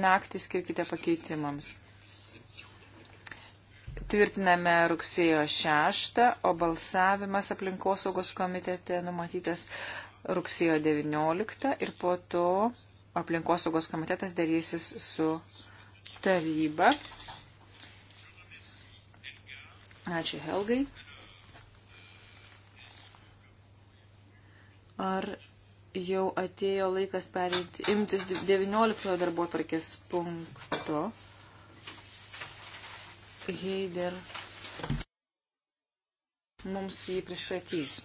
Speaker 3: naktį skirkite pakeitimams. Tvirtiname rugsėjo 6, o balsavimas aplinkosaugos komitete numatytas rugsėjo 19 ir po to aplinkosaugos komitetas darysis su taryba. Ačiū Helgai. Ar jau atėjo laikas perėti, imtis 19 darbo tvarkės punkto? Heider mums jį pristatys.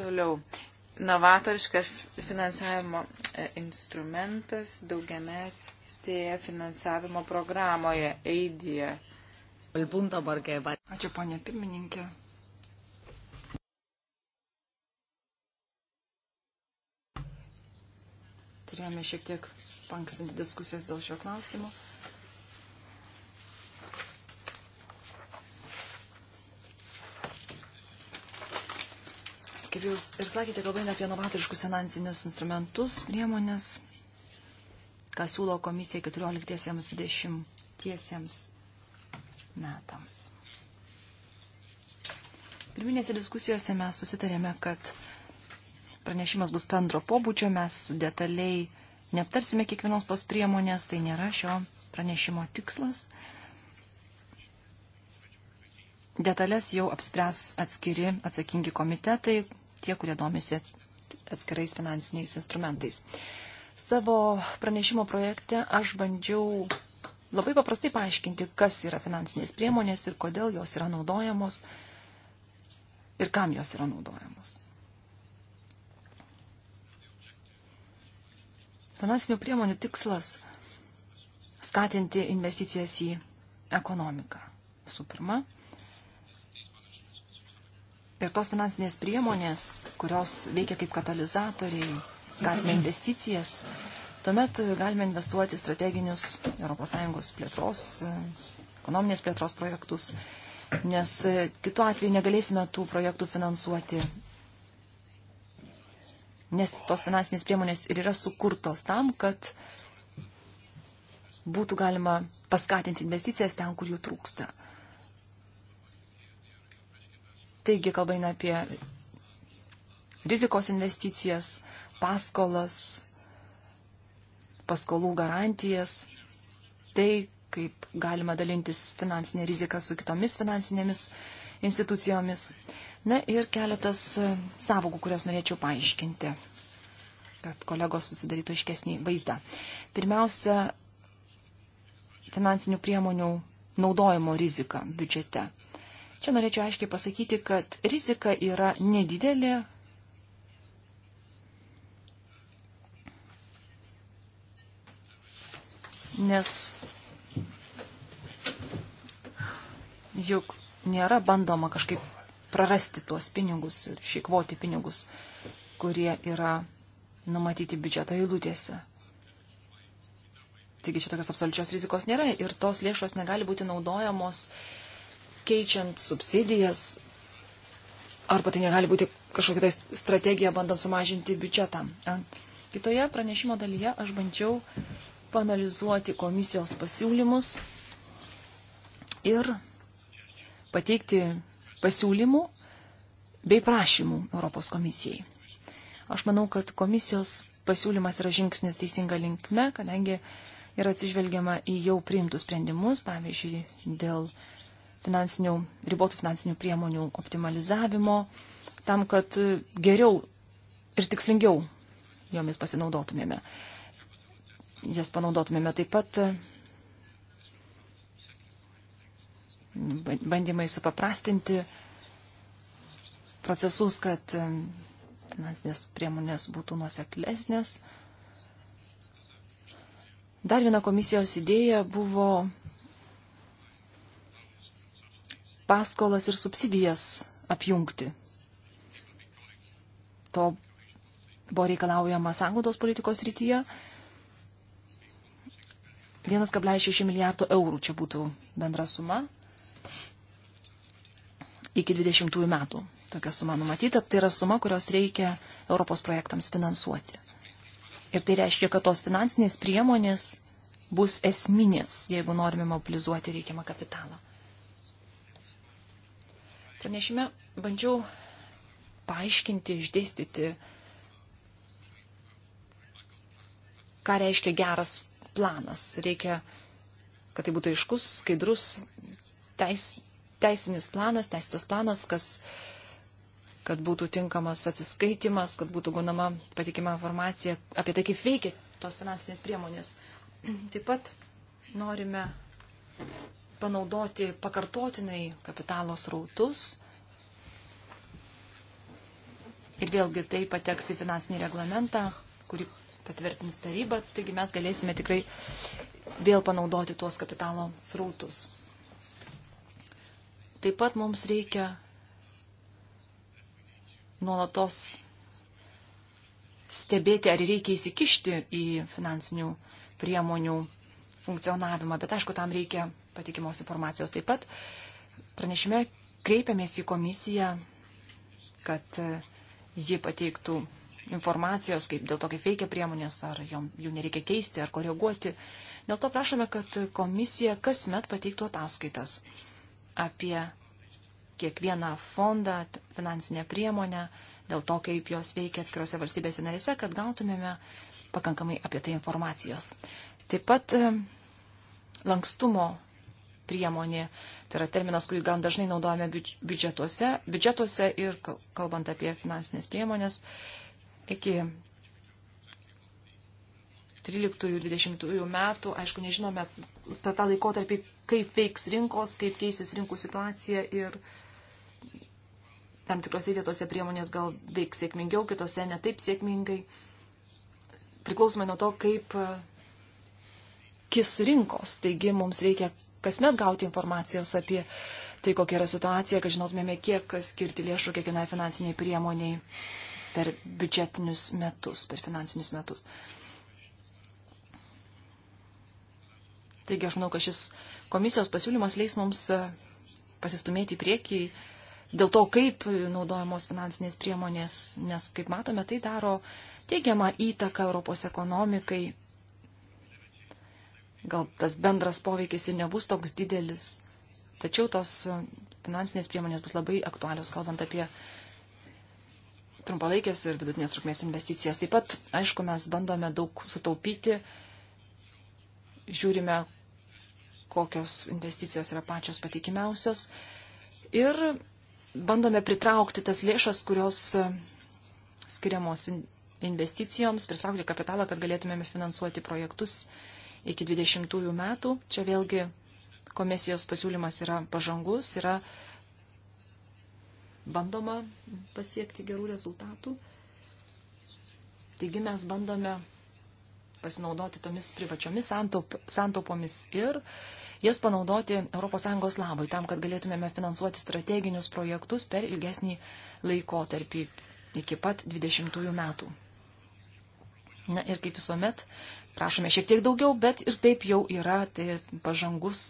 Speaker 3: Toliau novatoriškas finansavimo e, instrumentas daugiametėje finansavimo programoje EIDIA. Ačiū, ponė pirmininkė.
Speaker 2: Turėjome šiek tiek pankstinti diskusijas dėl šio klausimo. Ir jūs ir sakėte, kalbant apie novatoriškus finansinius instrumentus, priemonės, ką siūlo komisija 14-20 metams. Pirminėse diskusijose mes susitarėme, kad pranešimas bus bendro pobūdžio, mes detaliai neaptarsime kiekvienos tos priemonės, tai nėra šio pranešimo tikslas. Detalės jau apspręs atskiri atsakingi komitetai, tie, kurie domisi atskirais finansiniais instrumentais. Savo pranešimo projekte aš bandžiau labai paprastai paaiškinti, kas yra finansinės priemonės ir kodėl jos yra naudojamos ir kam jos yra naudojamos. Finansinių priemonių tikslas - skatinti investicijas į ekonomiką. Visų pirma, Ir tos finansinės priemonės, kurios veikia kaip katalizatoriai, skatina investicijas, tuomet galime investuoti strateginius ES plėtros, ekonominės plėtros projektus, nes kitu atveju negalėsime tų projektų finansuoti nes tos finansinės priemonės ir yra sukurtos tam, kad būtų galima paskatinti investicijas ten, kur jų trūksta. Taigi kalba eina apie rizikos investicijas, paskolas, paskolų garantijas, tai, kaip galima dalintis finansinę riziką su kitomis finansinėmis institucijomis. Na ir keletas e, savokų, kurias norėčiau paaiškinti, kad kolegos susidarytų iškesnį vaizdą. Pirmiausia, finansinių priemonių naudojimo rizika biudžete. Čia norėčiau aiškiai pasakyti, kad rizika yra nedidelė. Nes juk nėra bandoma kažkaip prarasti tuos pinigus ir šikvoti pinigus, kurie yra numatyti biudžeto eilutėse. Taigi šitokios absoliučios rizikos nėra ir tos lėšos negali būti naudojamos uh, keičiant subsidijas, arba tai negali būti kažkokia tai strategija, bandant sumažinti biudžetą. Kitoje pranešimo dalyje aš bandžiau panalizuoti komisijos pasiūlymus ir pateikti pasiūlymų bei prašymų Europos komisijai. Aš manau, kad komisijos pasiūlymas yra žingsnis teisinga linkme, kadangi yra atsižvelgiama į jau priimtus sprendimus, pavyzdžiui, dėl finansinių, ribotų finansinių priemonių optimalizavimo, tam, kad e, geriau ir tikslingiau jomis pasinaudotumėme. Jas panaudotumėme taip pat e, bandymai supaprastinti procesus, kad e, finansinės priemonės būtų nuoseklesnės. Dar viena komisijos idėja buvo paskolas ir subsidijas apjungti. To buvo reikalaujama sanglaudos politikos rytyje. 1,6 milijardo eurų čia būtų bendra suma iki 20 metų. Tokia suma numatyta, tai yra suma, kurios reikia Europos projektams finansuoti. Ir tai reiškia, kad tos finansinės priemonės bus esminės, jeigu norime mobilizuoti reikiamą kapitalą. Pranešime bandžiau paaiškinti, išdėstyti, ką reiškia geras planas. Reikia, kad tai būtų aiškus, skaidrus teis, teisinis planas, teisėtas planas, kas, kad būtų tinkamas atsiskaitimas, kad būtų gaunama patikima informacija apie tai, kaip veikia tos finansinės priemonės. Taip pat norime panaudoti pakartotinai kapitalo srautus. Ir vėlgi tai pateks į finansinį reglamentą, kurį patvirtins taryba, taigi mes galėsime tikrai vėl panaudoti tuos kapitalo srautus. Taip pat mums reikia nuolatos stebėti, ar reikia įsikišti į finansinių priemonių funkcionavimą, bet aišku, tam reikia patikimos informacijos. Taip pat pranešime kreipiamės į komisiją, kad e, ji pateiktų informacijos, kaip dėl to, kaip veikia priemonės, ar jom, jų nereikia keisti, ar koreguoti. Dėl to prašome, kad komisija kasmet pateiktų ataskaitas apie kiekvieną fondą, finansinę priemonę, dėl to, kaip jos veikia atskirose valstybėse narėse, kad gautumėme pakankamai apie tai informacijos. Taip pat e, lankstumo priemonė. Tai yra terminas, kurį gan dažnai naudojame biudžetuose, biudžetuose ir kalbant apie finansinės priemonės. Iki 13-20 metų, aišku, nežinome per tą laikotarpį, kaip veiks rinkos, kaip keisis rinkų situacija ir tam tikrose vietose priemonės gal veiks sėkmingiau, kitose netaip sėkmingai. Priklausomai nuo to, kaip e, kis rinkos. Taigi mums reikia kasmet gauti informacijos apie tai, kokia yra situacija, kad žinotumėme, kiek skirti lėšų kiekvienai finansiniai priemoniai per biudžetinius metus, per finansinius metus. Taigi aš manau, kad šis komisijos pasiūlymas leis mums e, pasistumėti į priekį dėl to, kaip naudojamos finansinės priemonės, nes, kaip matome, tai daro teigiamą įtaką Europos ekonomikai gal tas bendras poveikis ir nebus toks didelis. Tačiau tos finansinės priemonės bus labai aktualios, kalbant apie trumpalaikės ir vidutinės trukmės investicijas. Taip pat, aišku, mes bandome daug sutaupyti, žiūrime, kokios investicijos yra pačios patikimiausios ir bandome pritraukti tas lėšas, kurios skiriamos investicijoms, pritraukti kapitalą, kad galėtumėme finansuoti projektus iki 20 metų. Čia vėlgi komisijos pasiūlymas yra pažangus, yra bandoma pasiekti gerų rezultatų. Taigi mes bandome pasinaudoti tomis privačiomis santaupomis ir jas panaudoti ES labui, tam, kad galėtumėme finansuoti strateginius projektus per ilgesnį laikotarpį iki pat 20 metų. Na ir kaip visuomet, prašome šiek tiek daugiau, bet ir taip jau yra tai pažangus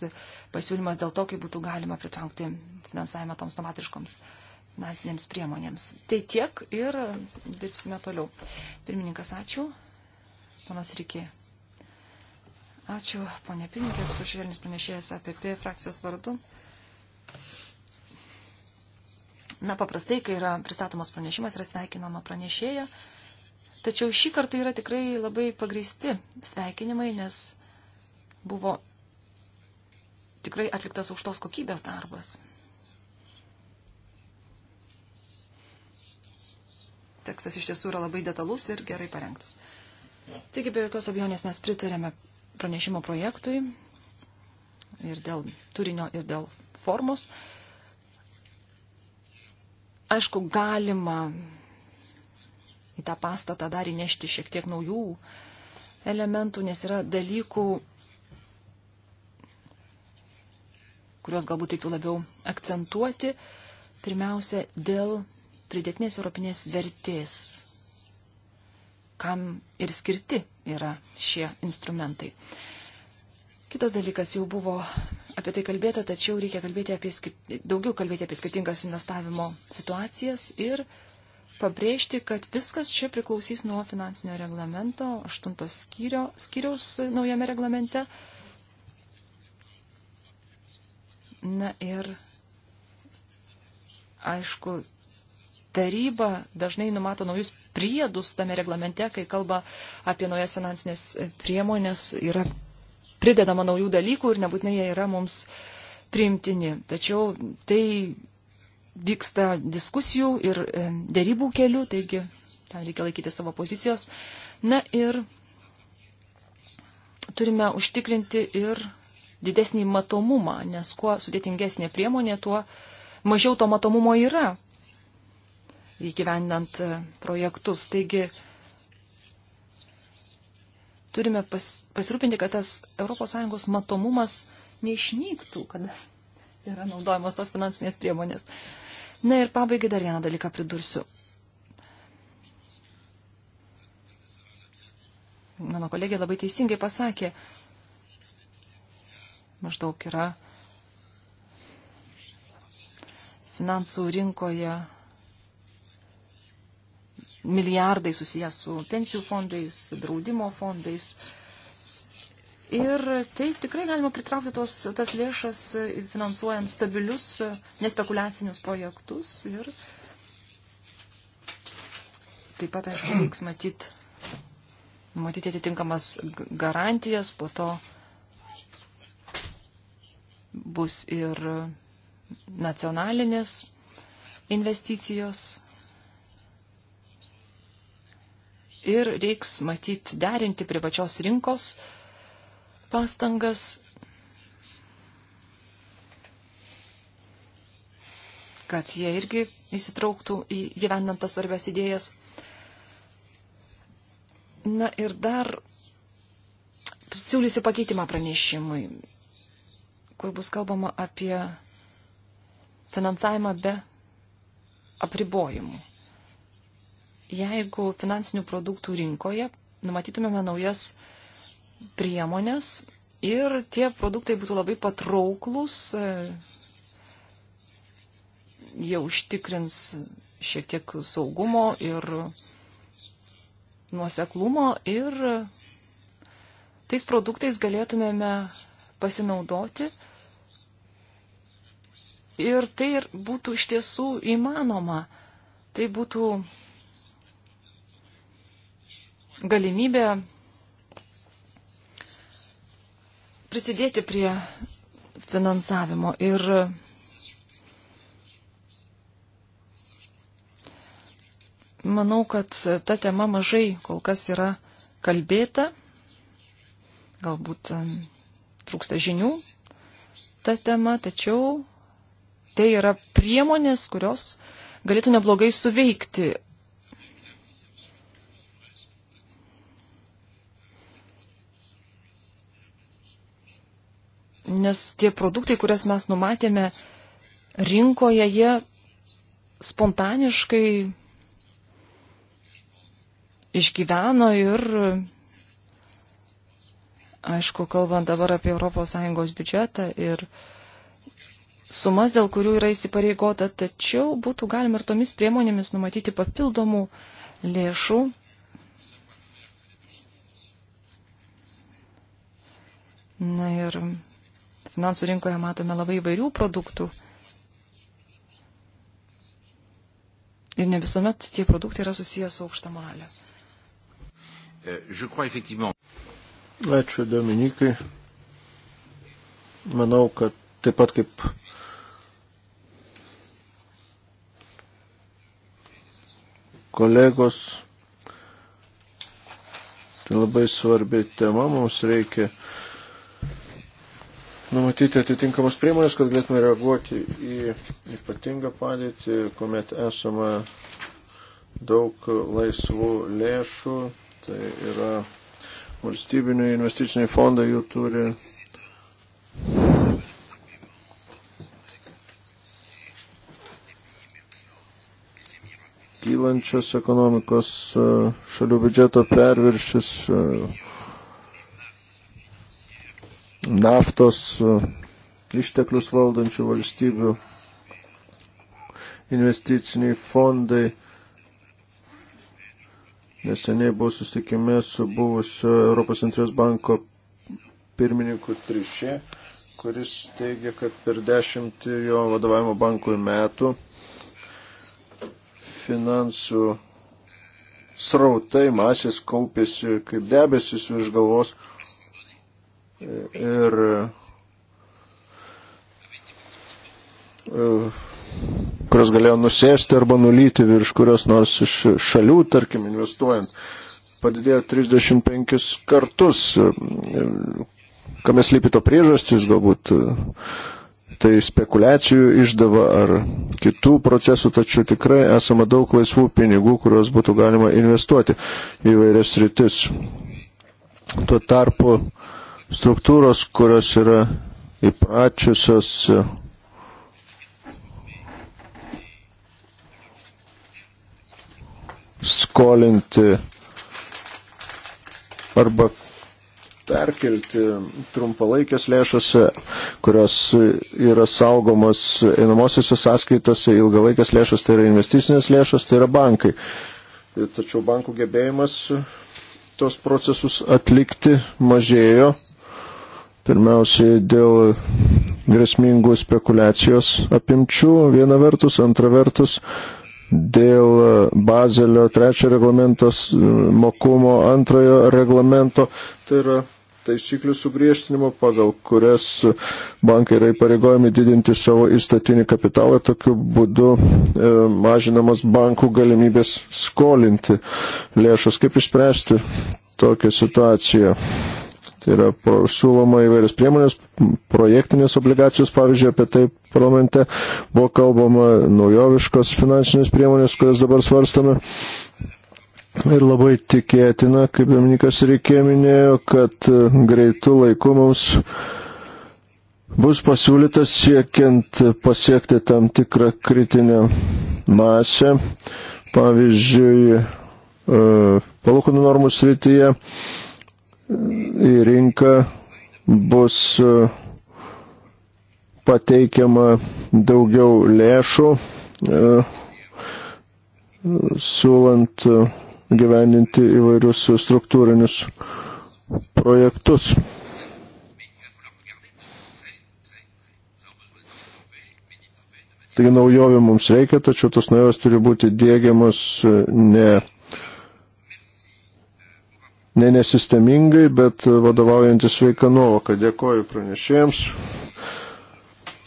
Speaker 2: pasiūlymas dėl to, kaip būtų galima pritraukti finansavimą toms nomatiškoms finansinėms priemonėms. Tai tiek ir dirbsime toliau. Pirmininkas, ačiū. Panas Rikė. Ačiū, ponė pirmininkė, su švelnis pranešėjas APP frakcijos vardu. Na, paprastai, kai yra pristatomas pranešimas, yra sveikinama pranešėja. Tačiau šį kartą yra tikrai labai pagristi sveikinimai, nes buvo tikrai atliktas aukštos kokybės darbas. Tekstas iš tiesų yra labai detalus ir gerai parengtas. Taigi, be jokios abejonės mes pritarėme pranešimo projektui ir dėl turinio, ir dėl formos. Aišku, galima į tą pastatą dar įnešti šiek tiek naujų elementų, nes yra dalykų, kuriuos galbūt reiktų labiau akcentuoti. Pirmiausia, dėl pridėtinės europinės vertės, kam ir skirti yra šie instrumentai. Kitas dalykas jau buvo apie tai kalbėta, tačiau reikia kalbėti apie, daugiau kalbėti apie skirtingas investavimo situacijas ir uh, pabrėžti, kad viskas čia priklausys nuo finansinio reglamento, aštuntos skyrio, skyriaus naujame reglamente. Na ir, aišku, taryba dažnai numato naujus priedus tame reglamente, kai kalba apie naujas finansinės priemonės, yra pridedama naujų dalykų ir nebūtinai jie yra mums priimtini. Tačiau tai vyksta diskusijų ir e, dėrybų kelių, taigi ten reikia laikyti savo pozicijos. Na ir turime užtikrinti ir didesnį matomumą, nes kuo sudėtingesnė priemonė, tuo mažiau to matomumo yra įgyvendant e, projektus. Taigi turime pas, pasirūpinti, kad tas ES matomumas neišnyktų, kad yra naudojamos tos finansinės priemonės. Na ir pabaigai dar vieną dalyką pridursiu. Mano kolegė labai teisingai pasakė, maždaug yra finansų rinkoje milijardai susijęs su pensijų fondais, draudimo fondais, Ir tai tikrai galima pritraukti tos, tas lėšas, e, finansuojant stabilius, e, nespekuliacinius projektus. Ir taip pat, aišku, *clears throat* reiks matyti matyti atitinkamas garantijas, po to bus ir nacionalinės investicijos. Ir reiks matyti derinti prie pačios rinkos pastangas, kad jie irgi įsitrauktų į gyvenantas svarbias idėjas. Na ir dar siūlysiu pakeitimą pranešimui, kur bus kalbama apie finansavimą be apribojimų. Jeigu finansinių produktų rinkoje numatytumėme naujas priemonės ir tie produktai būtų labai patrauklus, e, jie užtikrins šiek tiek saugumo ir nuoseklumo ir tais produktais galėtumėme pasinaudoti. Ir tai ir būtų iš tiesų įmanoma. Tai būtų galimybė prisidėti prie finansavimo ir manau, kad ta tema mažai kol kas yra kalbėta, galbūt trūksta žinių ta tema, tačiau tai yra priemonės, kurios galėtų neblogai suveikti nes tie produktai, kurias mes numatėme rinkoje, jie spontaniškai išgyveno ir, aišku, kalbant dabar apie ES biudžetą ir sumas, dėl kurių yra įsipareigota, tačiau būtų galima ir tomis priemonėmis numatyti papildomų lėšų. Na ir Finansų rinkoje matome labai įvairių produktų. Ir ne visuomet tie produktai yra susijęs su aukšta moralė.
Speaker 1: Euh, Ačiū Dominikai. Manau, kad taip pat kaip kolegos, tai labai svarbi tema, mums reikia numatyti atitinkamos priemonės, kad galėtume reaguoti į ypatingą padėtį, kuomet esame daug laisvų lėšų, tai yra valstybiniai investiciniai fondai jų turi. Kylančios ekonomikos e, šalių biudžeto perviršis e, naftos e, išteklius valdančių valstybių investiciniai fondai. Neseniai buvau susitikime su buvusiu Europos centrinės banko pirmininku Trišė, kuris teigia, kad per dešimt jo vadovavimo bankui metų finansų srautai masės kaupėsi kaip debesis virš galvos ir e, kurios galėjo nusėsti arba nulyti virš kurios nors iš šalių, tarkim, investuojant, padidėjo 35 kartus. Kam eslypi to priežastis, galbūt e, tai spekulacijų išdava ar kitų procesų, tačiau tikrai esama daug laisvų pinigų, kuriuos būtų galima investuoti į vairias rytis. Tuo tarpu uh, Struktūros, kurios yra įpračiusios e, skolinti arba perkelti trumpalaikės lėšas, e, kurios yra saugomos einamosiose sąskaitose, ilgalaikės lėšas tai yra investicinės lėšas, tai yra bankai. Tačiau bankų gebėjimas tos procesus atlikti mažėjo Pirmiausiai dėl grėsmingų spekulacijos apimčių, viena vertus, antra vertus, dėl Bazelio trečio reglamentos mokumo antrojo reglamento. Tai yra taisyklių sugriežtinimo, pagal kurias bankai yra įpareigojami didinti savo įstatinį kapitalą ir tokiu būdu e, mažinamas bankų galimybės skolinti lėšas. Kaip išspręsti tokią situaciją? Tai yra siūloma įvairios priemonės, projektinės obligacijos, pavyzdžiui, apie tai parlamente buvo kalbama naujoviškos finansinės priemonės, kurias dabar svarstame. Ir labai tikėtina, kaip Dominikas Reikė minėjo, kad e, greitų laikų mums bus pasiūlytas siekiant pasiekti tam tikrą kritinę masę. Pavyzdžiui, e, palūkanų normų srityje į rinką bus e, pateikiama daugiau lėšų, e, siūlant e, gyveninti įvairius struktūrinius projektus. Taigi naujovių mums reikia, tačiau tos naujos turi būti dėgiamas ne ne nesistemingai, bet vadovaujantis sveika nuovoka. Dėkoju pranešėjams.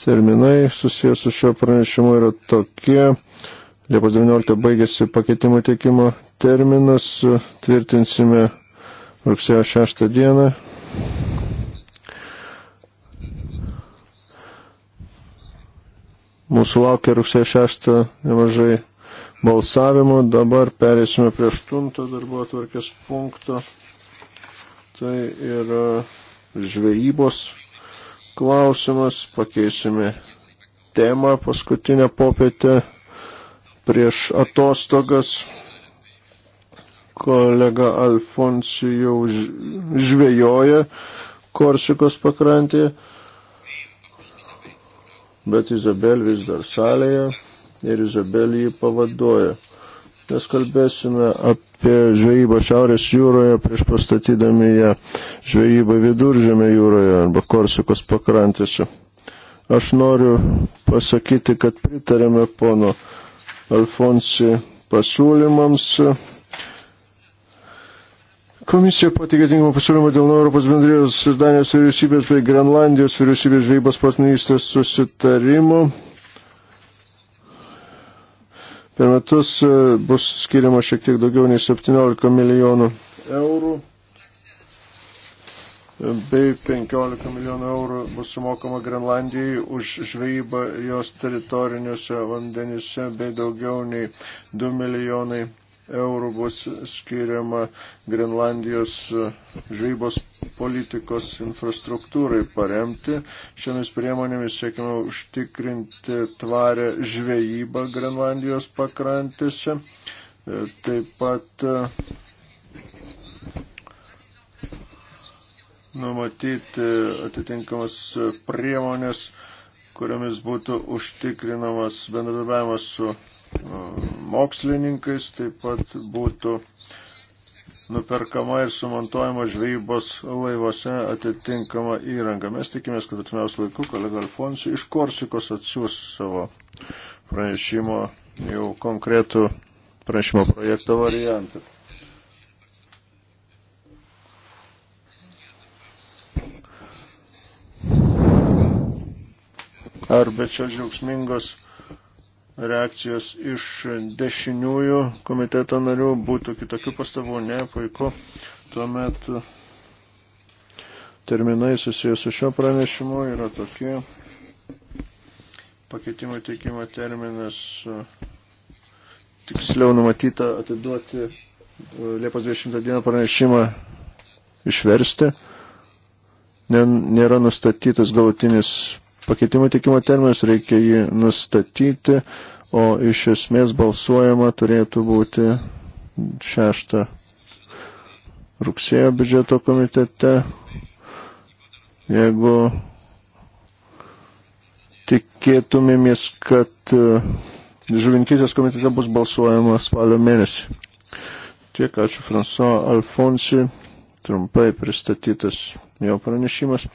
Speaker 1: Terminai susijęs su šio pranešimu yra tokie. Liepos 19 baigėsi pakeitimų teikimo terminas, tvirtinsime rugsėjo 6 dieną. Mūsų laukia rugsėjo 6 nemažai balsavimu. Dabar perėsime prie aštunto darbo atvarkės punkto. Tai yra žvejybos klausimas. Pakeisime temą paskutinę popietę prieš atostogas. Kolega Alfonsijau žvejoja Korsikos pakrantėje, bet Izabel vis dar salėje ir Izabelį jį pavaduoja. Mes kalbėsime apie žvejybą Šiaurės jūroje prieš pastatydami ją žvejybą Viduržėme jūroje arba Korsikos pakrantėse. Aš noriu pasakyti, kad pritarėme pono Alfonsi pasiūlymams. Komisija patikė tinkamą pasiūlymą dėl Europos bendrijos ir Danijos vyriausybės bei Grenlandijos vyriausybės žvejybos partnerystės susitarimo. Per metus e, bus skiriama šiek tiek daugiau nei 17 milijonų eurų e, bei 15 milijonų eurų bus sumokama Grenlandijai už žvejybą jos teritoriniuose vandenyse bei daugiau nei 2 milijonai eurų bus skiriama Grenlandijos žvejybos politikos infrastruktūrai paremti. Šiomis priemonėmis siekime užtikrinti tvarę žvejybą Grenlandijos pakrantėse. E, taip pat e, numatyti atitinkamas priemonės, kuriomis būtų užtikrinamas bendradarbiavimas su mokslininkais, taip pat būtų nuperkama ir sumontuojama žvejybos laivuose atitinkama įranga. Mes tikimės, kad atmiausiu laiku kolega Alfonsui iš Korsikos atsiūs savo pranešimo, jau konkretų pranešimo projekto variantą. Ar be čia žiaugsmingos reakcijos iš dešiniųjų komiteto narių būtų kitokių pastabų, ne, puiku. Tuomet terminai susijęs su šio pranešimu yra tokie. Pakeitimo teikimo terminas tiksliau numatyta atiduoti e, Liepos 20 dieną pranešimą išversti. Nėra nustatytas galutinis pakeitimų tikimo terminas, reikia jį nustatyti, o iš esmės balsuojama turėtų būti 6 rugsėjo biudžeto komitete. Jeigu tikėtumėmės, kad e, žuvinkysės komitete bus balsuojama spalio mėnesį. Tiek ačiū Franso Alfonsi, trumpai pristatytas jo pranešimas.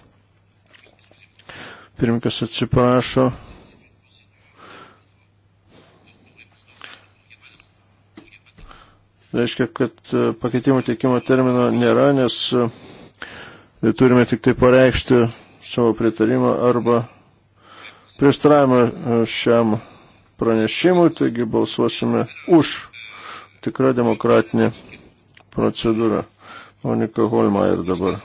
Speaker 1: Pirmininkas atsiprašo. Reiškia, kad e, pakeitimų teikimo termino nėra, nes e, turime tik tai pareikšti savo pritarimą arba prieštaravimą e, šiam pranešimui, taigi balsuosime už tikrą demokratinę procedūrą. Monika Holmair dabar.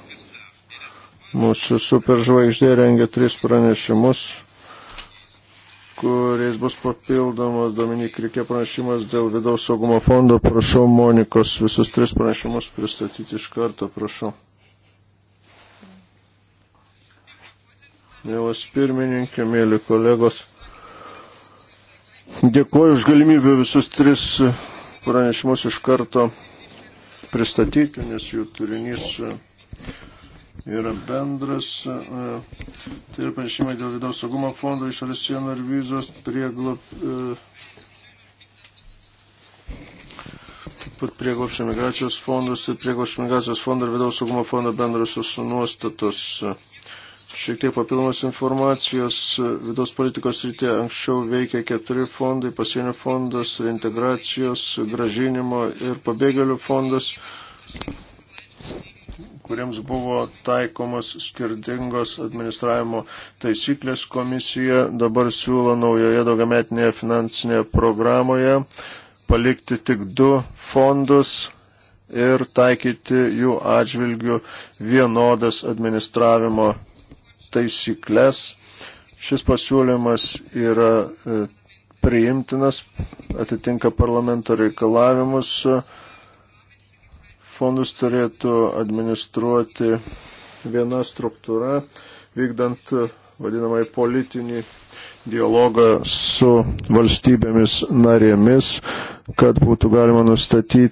Speaker 1: Mūsų superžvaigždė rengia tris pranešimus, kuriais bus papildomas Dominik Rikė pranešimas dėl vidaus saugumo fondo. Prašau Monikos visus tris pranešimus pristatyti iš karto, prašau. Mielas pirmininkė, mėly kolegos, dėkuoju už galimybę visus tris pranešimus iš karto pristatyti, nes jų turinys yra bendras. E, tai yra pranešimai dėl vidaus saugumo fondo, išorės sienų ir vizos, prieglop, e, taip pat prieglopščio migracijos fondas ir prieglopščio migracijos fondo ir vidaus saugumo fondo bendrasios nuostatos. Šiek tiek papildomos informacijos vidaus politikos rytė anksčiau veikė keturi fondai - pasienio fondas, reintegracijos, gražinimo ir pabėgėlių fondas kuriems buvo taikomos skirtingos administravimo taisyklės komisija, dabar siūlo naujoje daugiametinėje finansinėje programoje palikti tik du fondus ir taikyti jų atžvilgių vienodas administravimo taisyklės. Šis pasiūlymas yra e, priimtinas, atitinka parlamento reikalavimus fondus turėtų administruoti viena struktūra, vykdant vadinamai politinį dialogą su valstybėmis narėmis, kad būtų galima nustatyti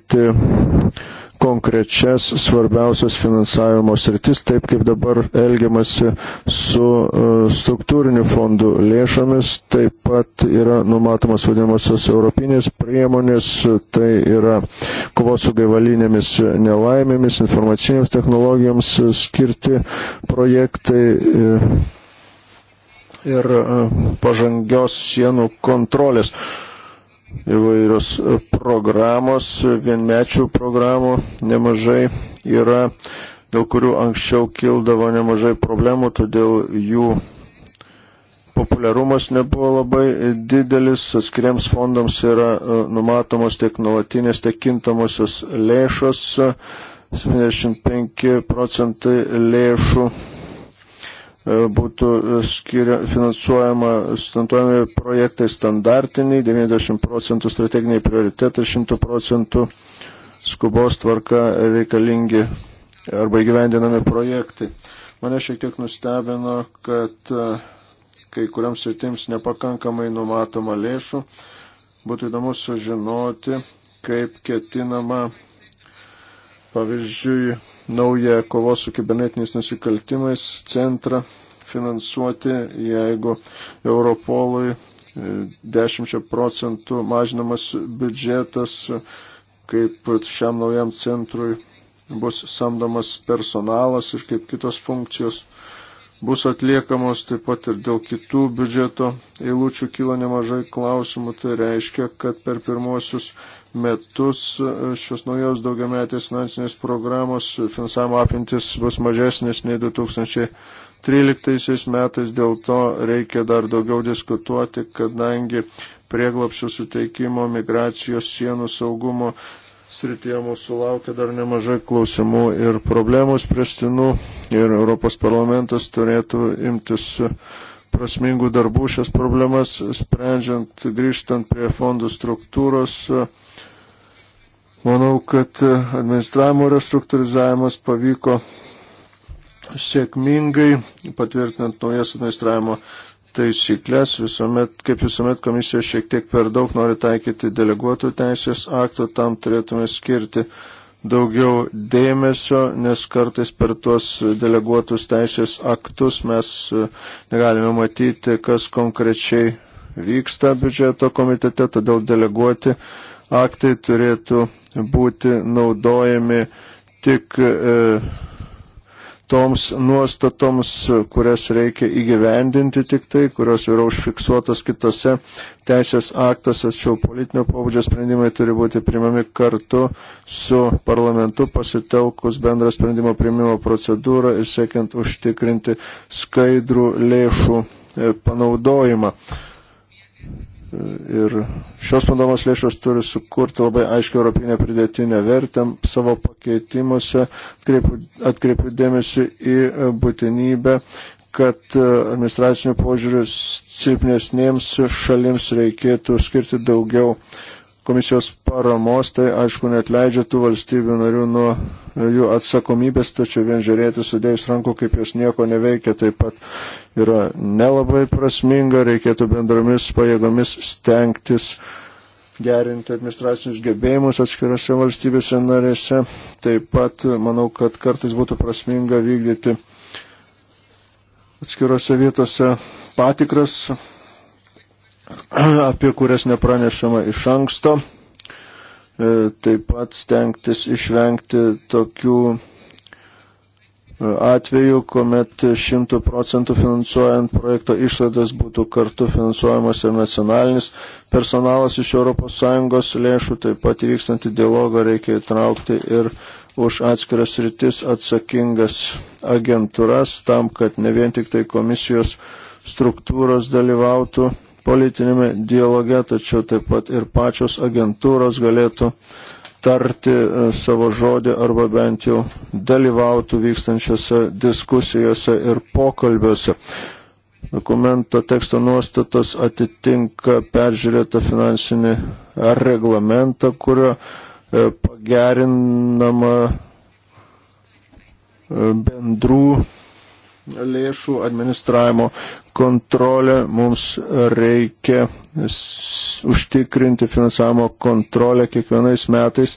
Speaker 1: konkrečias svarbiausias finansavimo sritis, taip kaip dabar elgiamasi su e, struktūrinių fondų lėšomis, taip pat yra numatomas vadinamosios europinės priemonės, tai yra kovos su gaivalinėmis nelaimėmis, informacinėms technologijoms skirti projektai. E, ir e, pažangios sienų kontrolės įvairios e, programos, e, vienmečių programų nemažai yra, dėl kurių anksčiau kildavo nemažai problemų, todėl jų populiarumas nebuvo labai e, didelis, atskiriams fondams yra numatomos tiek nuolatinės, tiek kintamosios lėšos, 75 procentai lėšų E, būtų skiria, finansuojama stantuojami projektai standartiniai, 90 procentų strateginiai prioritetai, 100 procentų skubos tvarka reikalingi arba įgyvendinami projektai. Mane šiek tiek nustebino, kad e, kai kuriams sritims nepakankamai numatoma lėšų. Būtų įdomu sužinoti, kaip ketinama, pavyzdžiui, naują kovos su kibernetiniais nusikaltimais centrą finansuoti, jeigu Europolui 10 e, procentų mažinamas biudžetas, kaip šiam naujam centrui bus samdomas personalas ir kaip kitos funkcijos bus atliekamos, taip pat ir dėl kitų biudžeto eilučių kyla nemažai klausimų. Tai reiškia, kad per pirmosius metus e, šios naujos daugiametės finansinės programos finansavimo apimtis bus mažesnis nei 2013 metais, dėl to reikia dar daugiau diskutuoti, kadangi prieglopščių suteikimo, migracijos, sienų saugumo srityje mūsų laukia dar nemažai klausimų ir problemų spręstinų ir Europos parlamentas turėtų imtis prasmingų darbų šias problemas, sprendžiant, grįžtant prie fondų struktūros. Manau, kad administravimo restruktūrizavimas pavyko sėkmingai patvirtinant naujas administravimo taisyklės, visuomet, kaip visuomet komisija šiek tiek per daug nori taikyti deleguotų teisės aktų, tam turėtume skirti daugiau dėmesio, nes kartais per tuos deleguotus teisės aktus mes e, negalime matyti, kas konkrečiai vyksta biudžeto komitete, todėl deleguoti aktai turėtų būti naudojami tik e, toms nuostatoms, kurias reikia įgyvendinti tik tai, kurios yra užfiksuotos kitose teisės aktuose, tačiau politinio pobūdžio sprendimai turi būti primami kartu su parlamentu, pasitelkus bendrą sprendimo primimo procedūrą ir siekiant užtikrinti skaidrų lėšų e, panaudojimą. Ir šios pandomos lėšos turi sukurti labai aiškiai europinę pridėtinę vertę savo pakeitimuose. Atkreipiu, atkreipiu dėmesį į e, būtinybę, kad e, administracinių požiūrių silpnesnėms šalims reikėtų skirti daugiau komisijos paramos, tai aišku net leidžia tų valstybių narių nuo e, jų atsakomybės, tačiau vien žiūrėti sudėjus rankų, kaip jos nieko neveikia, taip pat yra nelabai prasminga, reikėtų bendromis pajėgomis stengtis gerinti administracinius gebėjimus atskirose valstybėse narėse. Taip pat e, manau, kad kartais būtų prasminga vykdyti atskirose vietose patikras *clears throat* apie kurias nepranešama iš anksto. E, taip pat stengtis išvengti tokių e, atveju, kuomet 100 procentų finansuojant projekto išlaidas būtų kartu finansuojamas ir nacionalinis personalas iš ES lėšų, taip pat įvykstantį dialogą reikia įtraukti ir už atskiras rytis atsakingas agentūras tam, kad ne vien tik tai komisijos struktūros dalyvautų politinėme dialoge, tačiau taip pat ir pačios agentūros galėtų tarti e, savo žodį arba bent jau dalyvautų vykstančiose diskusijose ir pokalbiuose. Dokumento teksto nuostatos atitinka peržiūrėtą finansinį reglamentą, kurio e, pagerinama e, bendrų lėšų administravimo kontrolę, mums reikia užtikrinti finansavimo kontrolę kiekvienais metais,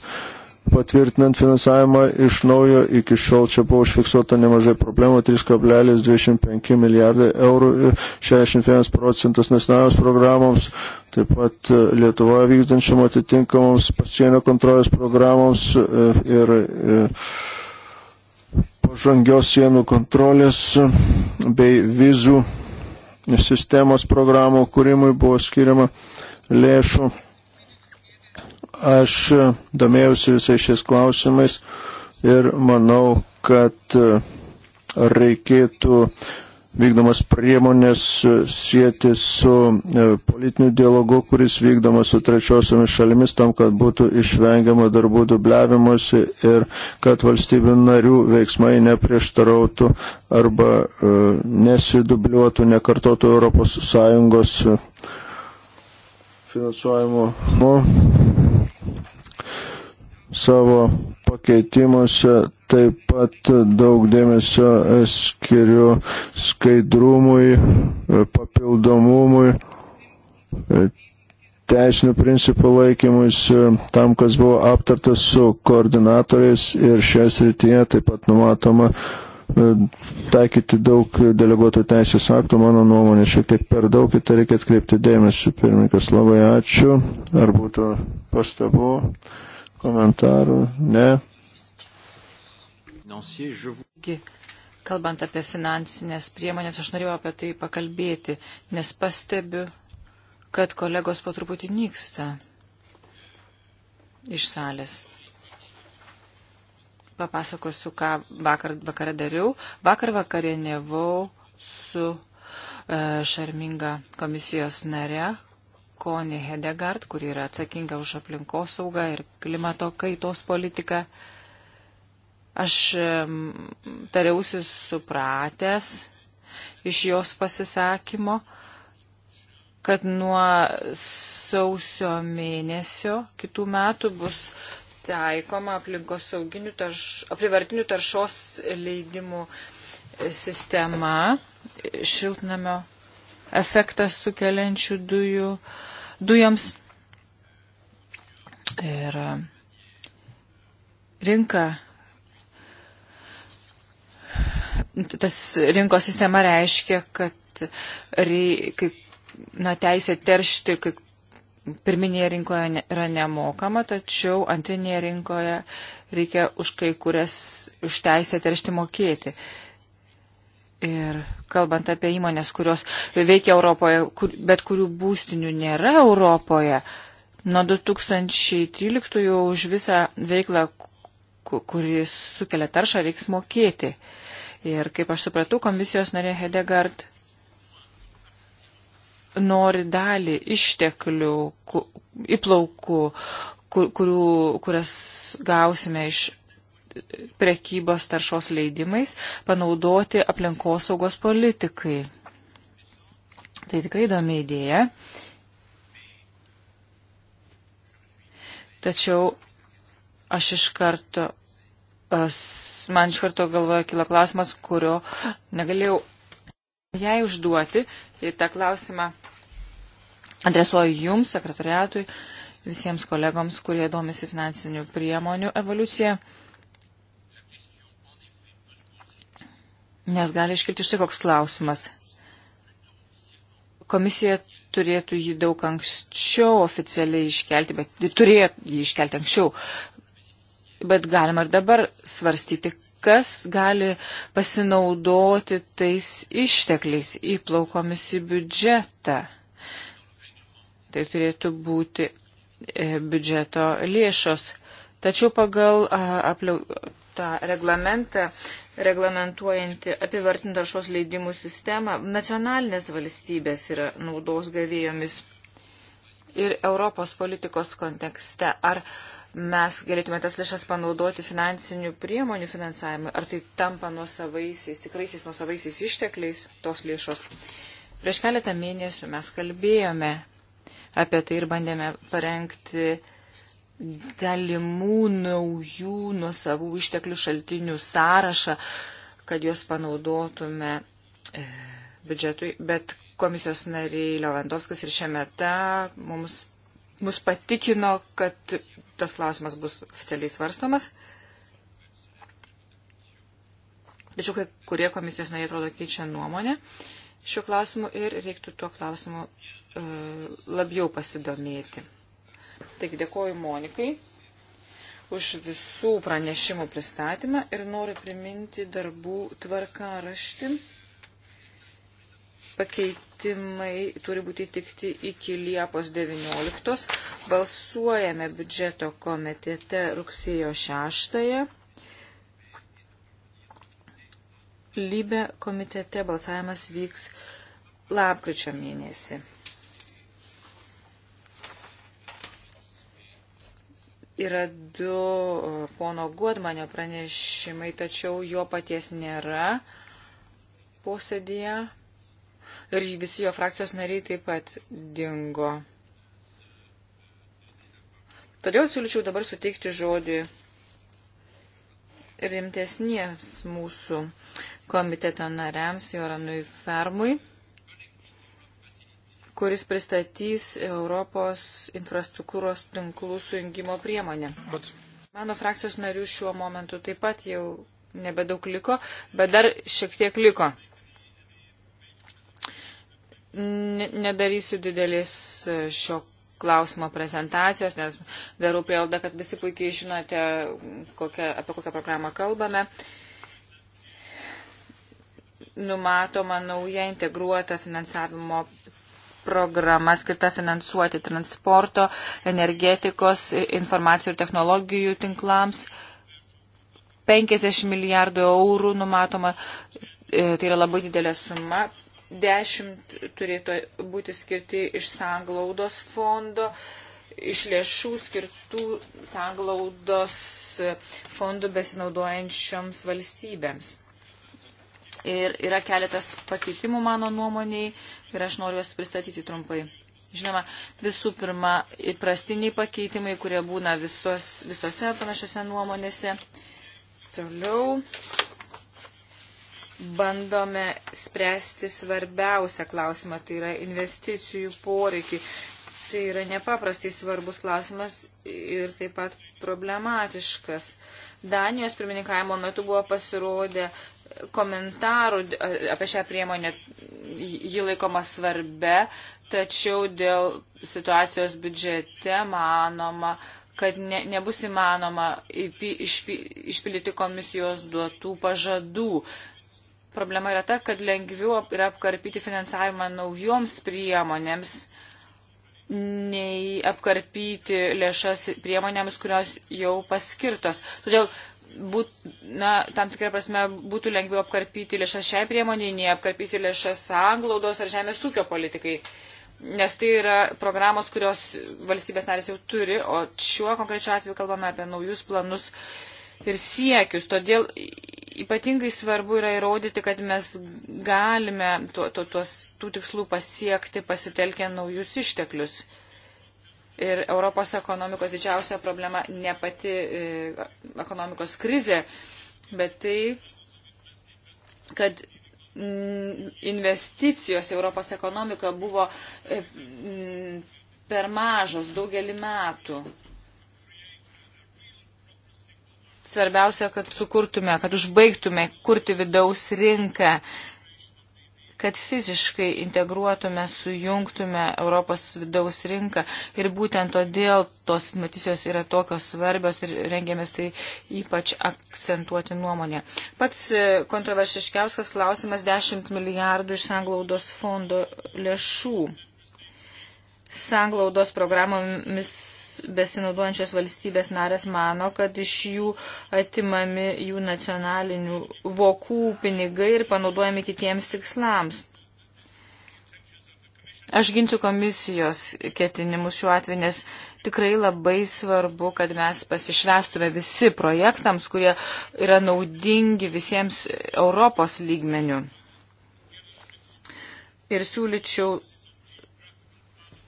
Speaker 1: patvirtinant finansavimą iš naujo. Iki šiol čia buvo užfiksuota nemažai problemų - 3,25 milijardai eurų, 61 procentas nacionalinėms programoms, taip pat Lietuvoje vykdančiam atitinkamoms pasienio kontrolės programoms e, ir, ir e, pažangios sienų kontrolės bei vizų sistemos programų kūrimui buvo skiriama lėšų. Aš domėjausi visais šiais klausimais ir manau, kad reikėtų vykdomas priemonės e, sieti su e, politiniu dialogu, kuris vykdomas su trečiosiomis šalimis, tam, kad būtų išvengiama darbų dubliavimuose ir kad valstybių narių veiksmai neprieštarautų arba e, nesidubliuotų, nekartotų ES finansuojimo savo pakeitimuose taip pat daug dėmesio skiriu skaidrumui, papildomumui, teisinių principų laikymus tam, kas buvo aptartas su koordinatoriais ir šioje srityje taip pat numatoma e, taikyti daug deleguotų teisės aktų, mano nuomonė, šiek tiek per daug, į tai reikia atkreipti dėmesį. Pirmininkas, labai ačiū. Ar būtų pastabų? komentarų? Ne.
Speaker 3: Kalbant apie finansinės priemonės, aš norėjau apie tai pakalbėti, nes pastebiu, kad kolegos po truputį nyksta iš salės. Papasakosiu, ką vakar vakarą dariau. Vakar vakarienėvau su e, šarminga komisijos nare, Konė Hedegard, kuri yra atsakinga už aplinkosaugą ir klimato kaitos politiką. Aš tariausi supratęs iš jos pasisakymo, kad nuo sausio mėnesio kitų metų bus taikoma aplinkosauginių tarš, aprivartinių taršos leidimų sistema šiltnamio efektą sukeliančių dujų, dujoms. Ir e, rinka, tas rinkos sistema reiškia, kad reikia, na, teisė teršti, kaip pirminėje rinkoje yra nemokama, tačiau antrinėje rinkoje reikia už kai kurias už teisę teršti mokėti. Uh, Ir kalbant apie įmonės, kurios veikia Europoje, kur, bet kurių būstinių nėra Europoje, nuo 2013 už visą veiklą, kuris sukelia taršą, reiks mokėti. Ir kaip aš supratau, komisijos narė Hedegard nori dalį išteklių, įplaukų, kur, kurių, kurias gausime iš prekybos taršos leidimais panaudoti aplinkosaugos politikai. Tai tikrai įdomi idėja. Tačiau aš iš karto, man iš karto galvoje kilo klausimas, kurio negalėjau jai užduoti. Ir tą klausimą adresuoju jums, sekretariatui, visiems kolegoms, kurie domisi finansinių priemonių evoliucija. Nes gali iškilti štai koks klausimas. Komisija turėtų jį daug anksčiau oficialiai iškelti, bet turėtų jį iškelti anksčiau. Bet galima ir dabar svarstyti, kas gali pasinaudoti tais ištekliais įplaukomis į biudžetą. Tai turėtų būti e, biudžeto lėšos. Tačiau pagal apliau tą reglamentą, reglamentuojantį apivartintą šios leidimų sistemą, nacionalinės valstybės yra naudos gavėjomis ir Europos politikos kontekste. Ar mes galėtume tas lėšas panaudoti finansinių priemonių finansavimui, ar tai tampa nuosavaisiais, tikraisiais nuosavaisiais ištekliais tos lėšos. Prieš keletą mėnesių mes kalbėjome apie tai ir bandėme parengti galimų naujų nuo savų išteklių šaltinių sąrašą, kad juos panaudotume e, biudžetui, bet komisijos nariai Levandovskas ir šiame ta mums, mus patikino, kad tas klausimas bus oficialiai svarstomas. Tačiau kai kurie komisijos nariai atrodo keičia nuomonę šiuo klausimu ir reiktų tuo klausimu e, labiau pasidomėti. Taigi dėkoju Monikai už visų pranešimų pristatymą ir noriu priminti darbų tvarkaraštį. Pakeitimai turi būti tikti iki Liepos 19. Balsuojame biudžeto komitete rugsėjo 6. Lybe komitete balsavimas vyks lapkričio mėnesį. Yra du e, pono Guodmanio pranešimai, tačiau jo paties nėra posėdėje. Ir visi jo frakcijos nariai taip pat dingo. Todėl siūlyčiau dabar suteikti žodį rimtesniems mūsų komiteto nariams Joranui Fermui kuris pristatys Europos infrastruktūros tinklų sujungimo priemonę. Mano frakcijos narių šiuo momentu taip pat jau nebedaug liko, bet dar šiek tiek liko. Nedarysiu didelis e, šio klausimo prezentacijos, nes darau prielaidą, kad visi puikiai žinote, kokia, apie kokią programą kalbame. Numatoma nauja integruota finansavimo programa skirta finansuoti transporto, energetikos, informacijų ir technologijų tinklams. 50 milijardų eurų numatoma, e, tai yra labai didelė suma. 10 turėtų būti skirti iš sanglaudos fondo, iš lėšų skirtų sanglaudos fondų besinaudojančioms valstybėms. Ir yra keletas pakeitimų mano nuomoniai, ir aš noriu juos pristatyti trumpai. Žinoma, visų pirma, įprastiniai pakeitimai, kurie būna visos, visose panašiose nuomonėse. Toliau bandome spręsti svarbiausią klausimą, tai yra investicijų poreikį. Tai yra nepaprastai svarbus klausimas ir taip pat problematiškas. Danijos pirmininkavimo metu buvo pasirodę komentarų apie šią priemonę jį laikoma svarbe, tačiau dėl situacijos biudžete manoma, kad ne, nebus įmanoma išpildyti komisijos duotų pažadų. Problema yra ta, kad lengviau yra apkarpyti finansavimą naujoms priemonėms nei apkarpyti lėšas priemonėms, kurios jau paskirtos. Todėl būt, na, tam tikrą prasme būtų lengviau apkarpyti lėšas šiai priemoniai, nei apkarpyti lėšas anglaudos ar žemės ūkio politikai. Nes tai yra programos, kurios valstybės narės jau turi, o šiuo konkrečiu atveju kalbame apie naujus planus ir siekius. Todėl ypatingai svarbu yra įrodyti, kad mes galime tuo, tuo, tuos, tų tikslų pasiekti pasitelkę naujus išteklius ir Europos ekonomikos didžiausia problema ne pati e, ekonomikos krizė, bet tai, kad m, mm, investicijos Europos ekonomika buvo e, m, mm, per mažos daugelį metų. Svarbiausia, kad sukurtume, kad užbaigtume kurti vidaus rinką, kad fiziškai integruotume, sujungtume Europos vidaus rinką. Ir būtent todėl tos matysios yra tokios svarbios ir rengiamės tai ypač akcentuoti nuomonę. Pats e, kontroversiškiausias klausimas - 10 milijardų iš sanglaudos fondo lėšų. Sanglaudos programomis besinaudojančios valstybės narės mano, kad iš jų atimami jų nacionalinių vokų pinigai ir panaudojami kitiems tikslams. Aš ginsiu komisijos ketinimus šiuo atveju, nes tikrai labai svarbu, kad mes pasišvestume visi projektams, kurie yra naudingi visiems Europos lygmenių. Ir siūlyčiau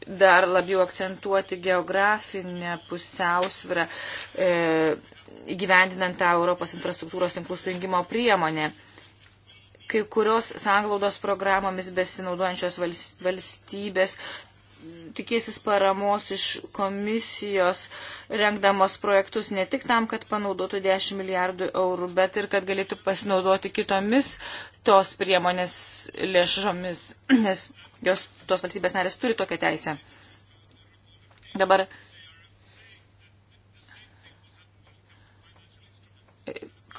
Speaker 3: dar labiau akcentuoti geografinę pusiausvyrą, e, įgyvendinant tą Europos infrastruktūros tinklų sujungimo priemonę. Kai kurios sanglaudos programomis besinaudojančios valstybės tikėsis paramos iš komisijos, rengdamos projektus ne tik tam, kad panaudotų 10 milijardų eurų, bet ir kad galėtų pasinaudoti kitomis tos priemonės lėšomis, nes Jos, tos valstybės narės turi tokią teisę. Dabar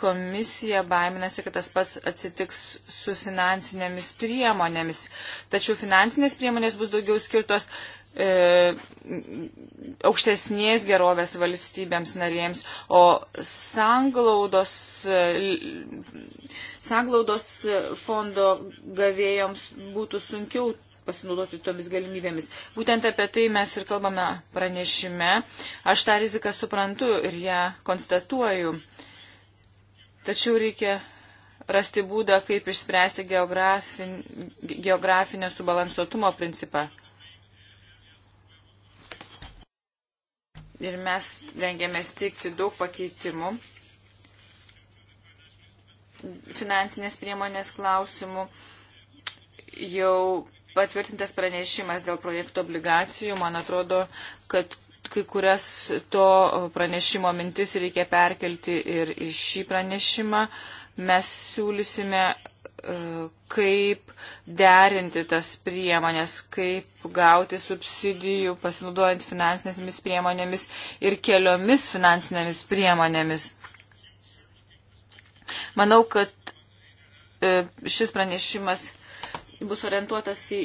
Speaker 3: komisija baiminasi, kad tas pats atsitiks su finansinėmis priemonėmis. Tačiau finansinės priemonės bus daugiau skirtos e, aukštesnės gerovės valstybėms narėms, o sanglaudos, e, sanglaudos fondo gavėjoms būtų sunkiau pasinaudoti tomis galimybėmis. Būtent apie tai mes ir kalbame pranešime. Aš tą riziką suprantu ir ją konstatuoju. Tačiau reikia rasti būdą, kaip išspręsti geografin, geografinio subalansuotumo principą. Ir mes rengėmės teikti daug pakeitimų finansinės priemonės klausimų jau patvirtintas pranešimas dėl projektų obligacijų, man atrodo, kad kai kurias to pranešimo mintis reikia perkelti ir į šį pranešimą. Mes siūlysime, e, kaip derinti tas priemonės, kaip gauti subsidijų, pasinaudojant finansinėmis priemonėmis ir keliomis finansinėmis priemonėmis. Manau, kad e, šis pranešimas bus orientuotas į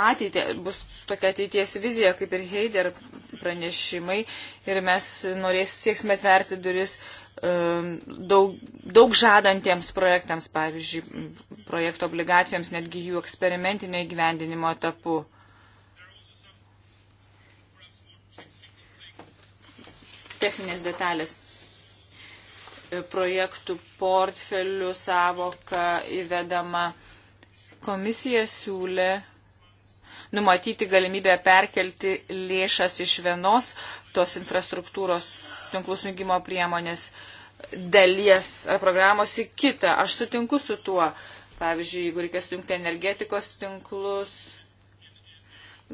Speaker 3: ateitį, bus tokia ateities vizija, kaip ir Heider pranešimai, ir mes norės sieksime atverti duris um, daug, daug žadantiems projektams, pavyzdžiui, projekto obligacijoms, netgi jų eksperimentinio įgyvendinimo etapu. Techninės detalės projektų portfelių savoka įvedama Komisija siūlė numatyti galimybę perkelti lėšas iš vienos tos infrastruktūros tinklų sujungimo priemonės dalies ar programos į kitą. Aš sutinku su tuo. Pavyzdžiui, jeigu reikės sujungti energetikos tinklus,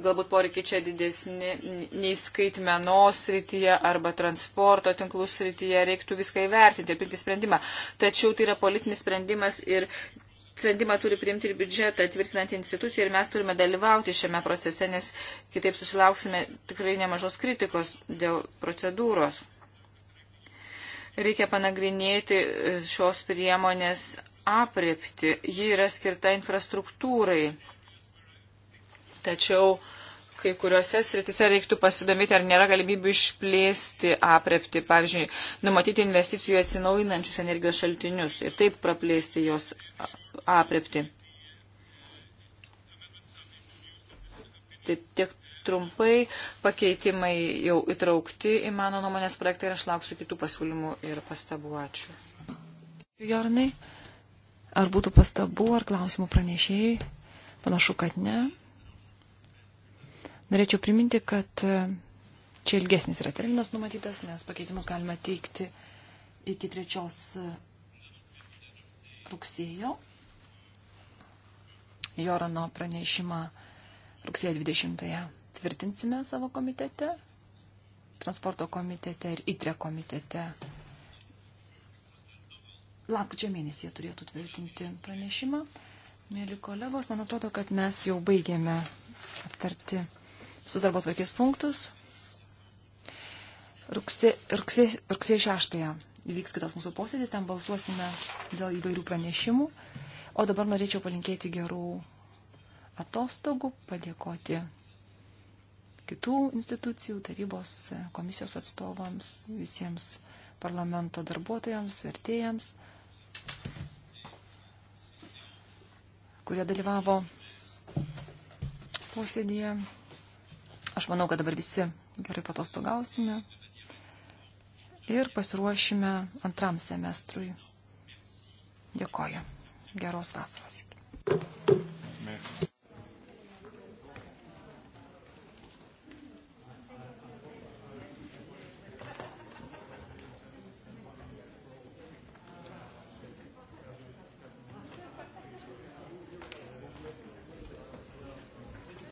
Speaker 3: galbūt poreikiai čia didesni nei skaitmenos srityje arba transporto tinklų srityje, reiktų viską įvertinti ir priimti sprendimą. Tačiau tai yra politinis sprendimas ir sprendimą turi priimti ir biudžetą tvirtinant instituciją ir mes turime dalyvauti šiame procese, nes kitaip susilauksime tikrai nemažos kritikos dėl procedūros. Reikia panagrinėti e, šios priemonės aprepti. Ji yra skirta infrastruktūrai. Tačiau kai kuriuose sritise reiktų pasidomėti, ar nėra galimybių išplėsti aprepti, pavyzdžiui, numatyti investicijų atsinaujinančius energijos šaltinius ir taip praplėsti jos aprepti. Taip, tiek trumpai pakeitimai jau įtraukti į mano nuomonės projektą ir aš lauksiu kitų pasiūlymų ir pastabų. Ačiū.
Speaker 2: Jornai, ar būtų pastabų ar klausimų pranešėjai? Panašu, kad ne. Norėčiau priminti, kad e, čia ilgesnis yra terminas numatytas, nes pakeitimus galima teikti iki 3 e, rugsėjo Jorano pranešimą rugsėjo 20-ąją tvirtinsime savo komitete, transporto komitete ir ITRE komitete. Lapkričio mėnesį jie turėtų tvirtinti pranešimą. Mėly kolegos, man atrodo, kad mes jau baigėme aptarti visus darbo tvarkės punktus. Rugsė, rugsė, rugsėjo 6 įvyks kitas mūsų posėdis, ten balsuosime dėl įvairių pranešimų. O dabar norėčiau palinkėti gerų atostogų, padėkoti kitų institucijų, tarybos komisijos atstovams, visiems parlamento darbuotojams, vertėjams, kurie dalyvavo posėdėje. Aš manau, kad dabar visi gerai patostogausime ir pasiruošime antram semestrui. Dėkoju. Geros vasaros.
Speaker 1: Merci.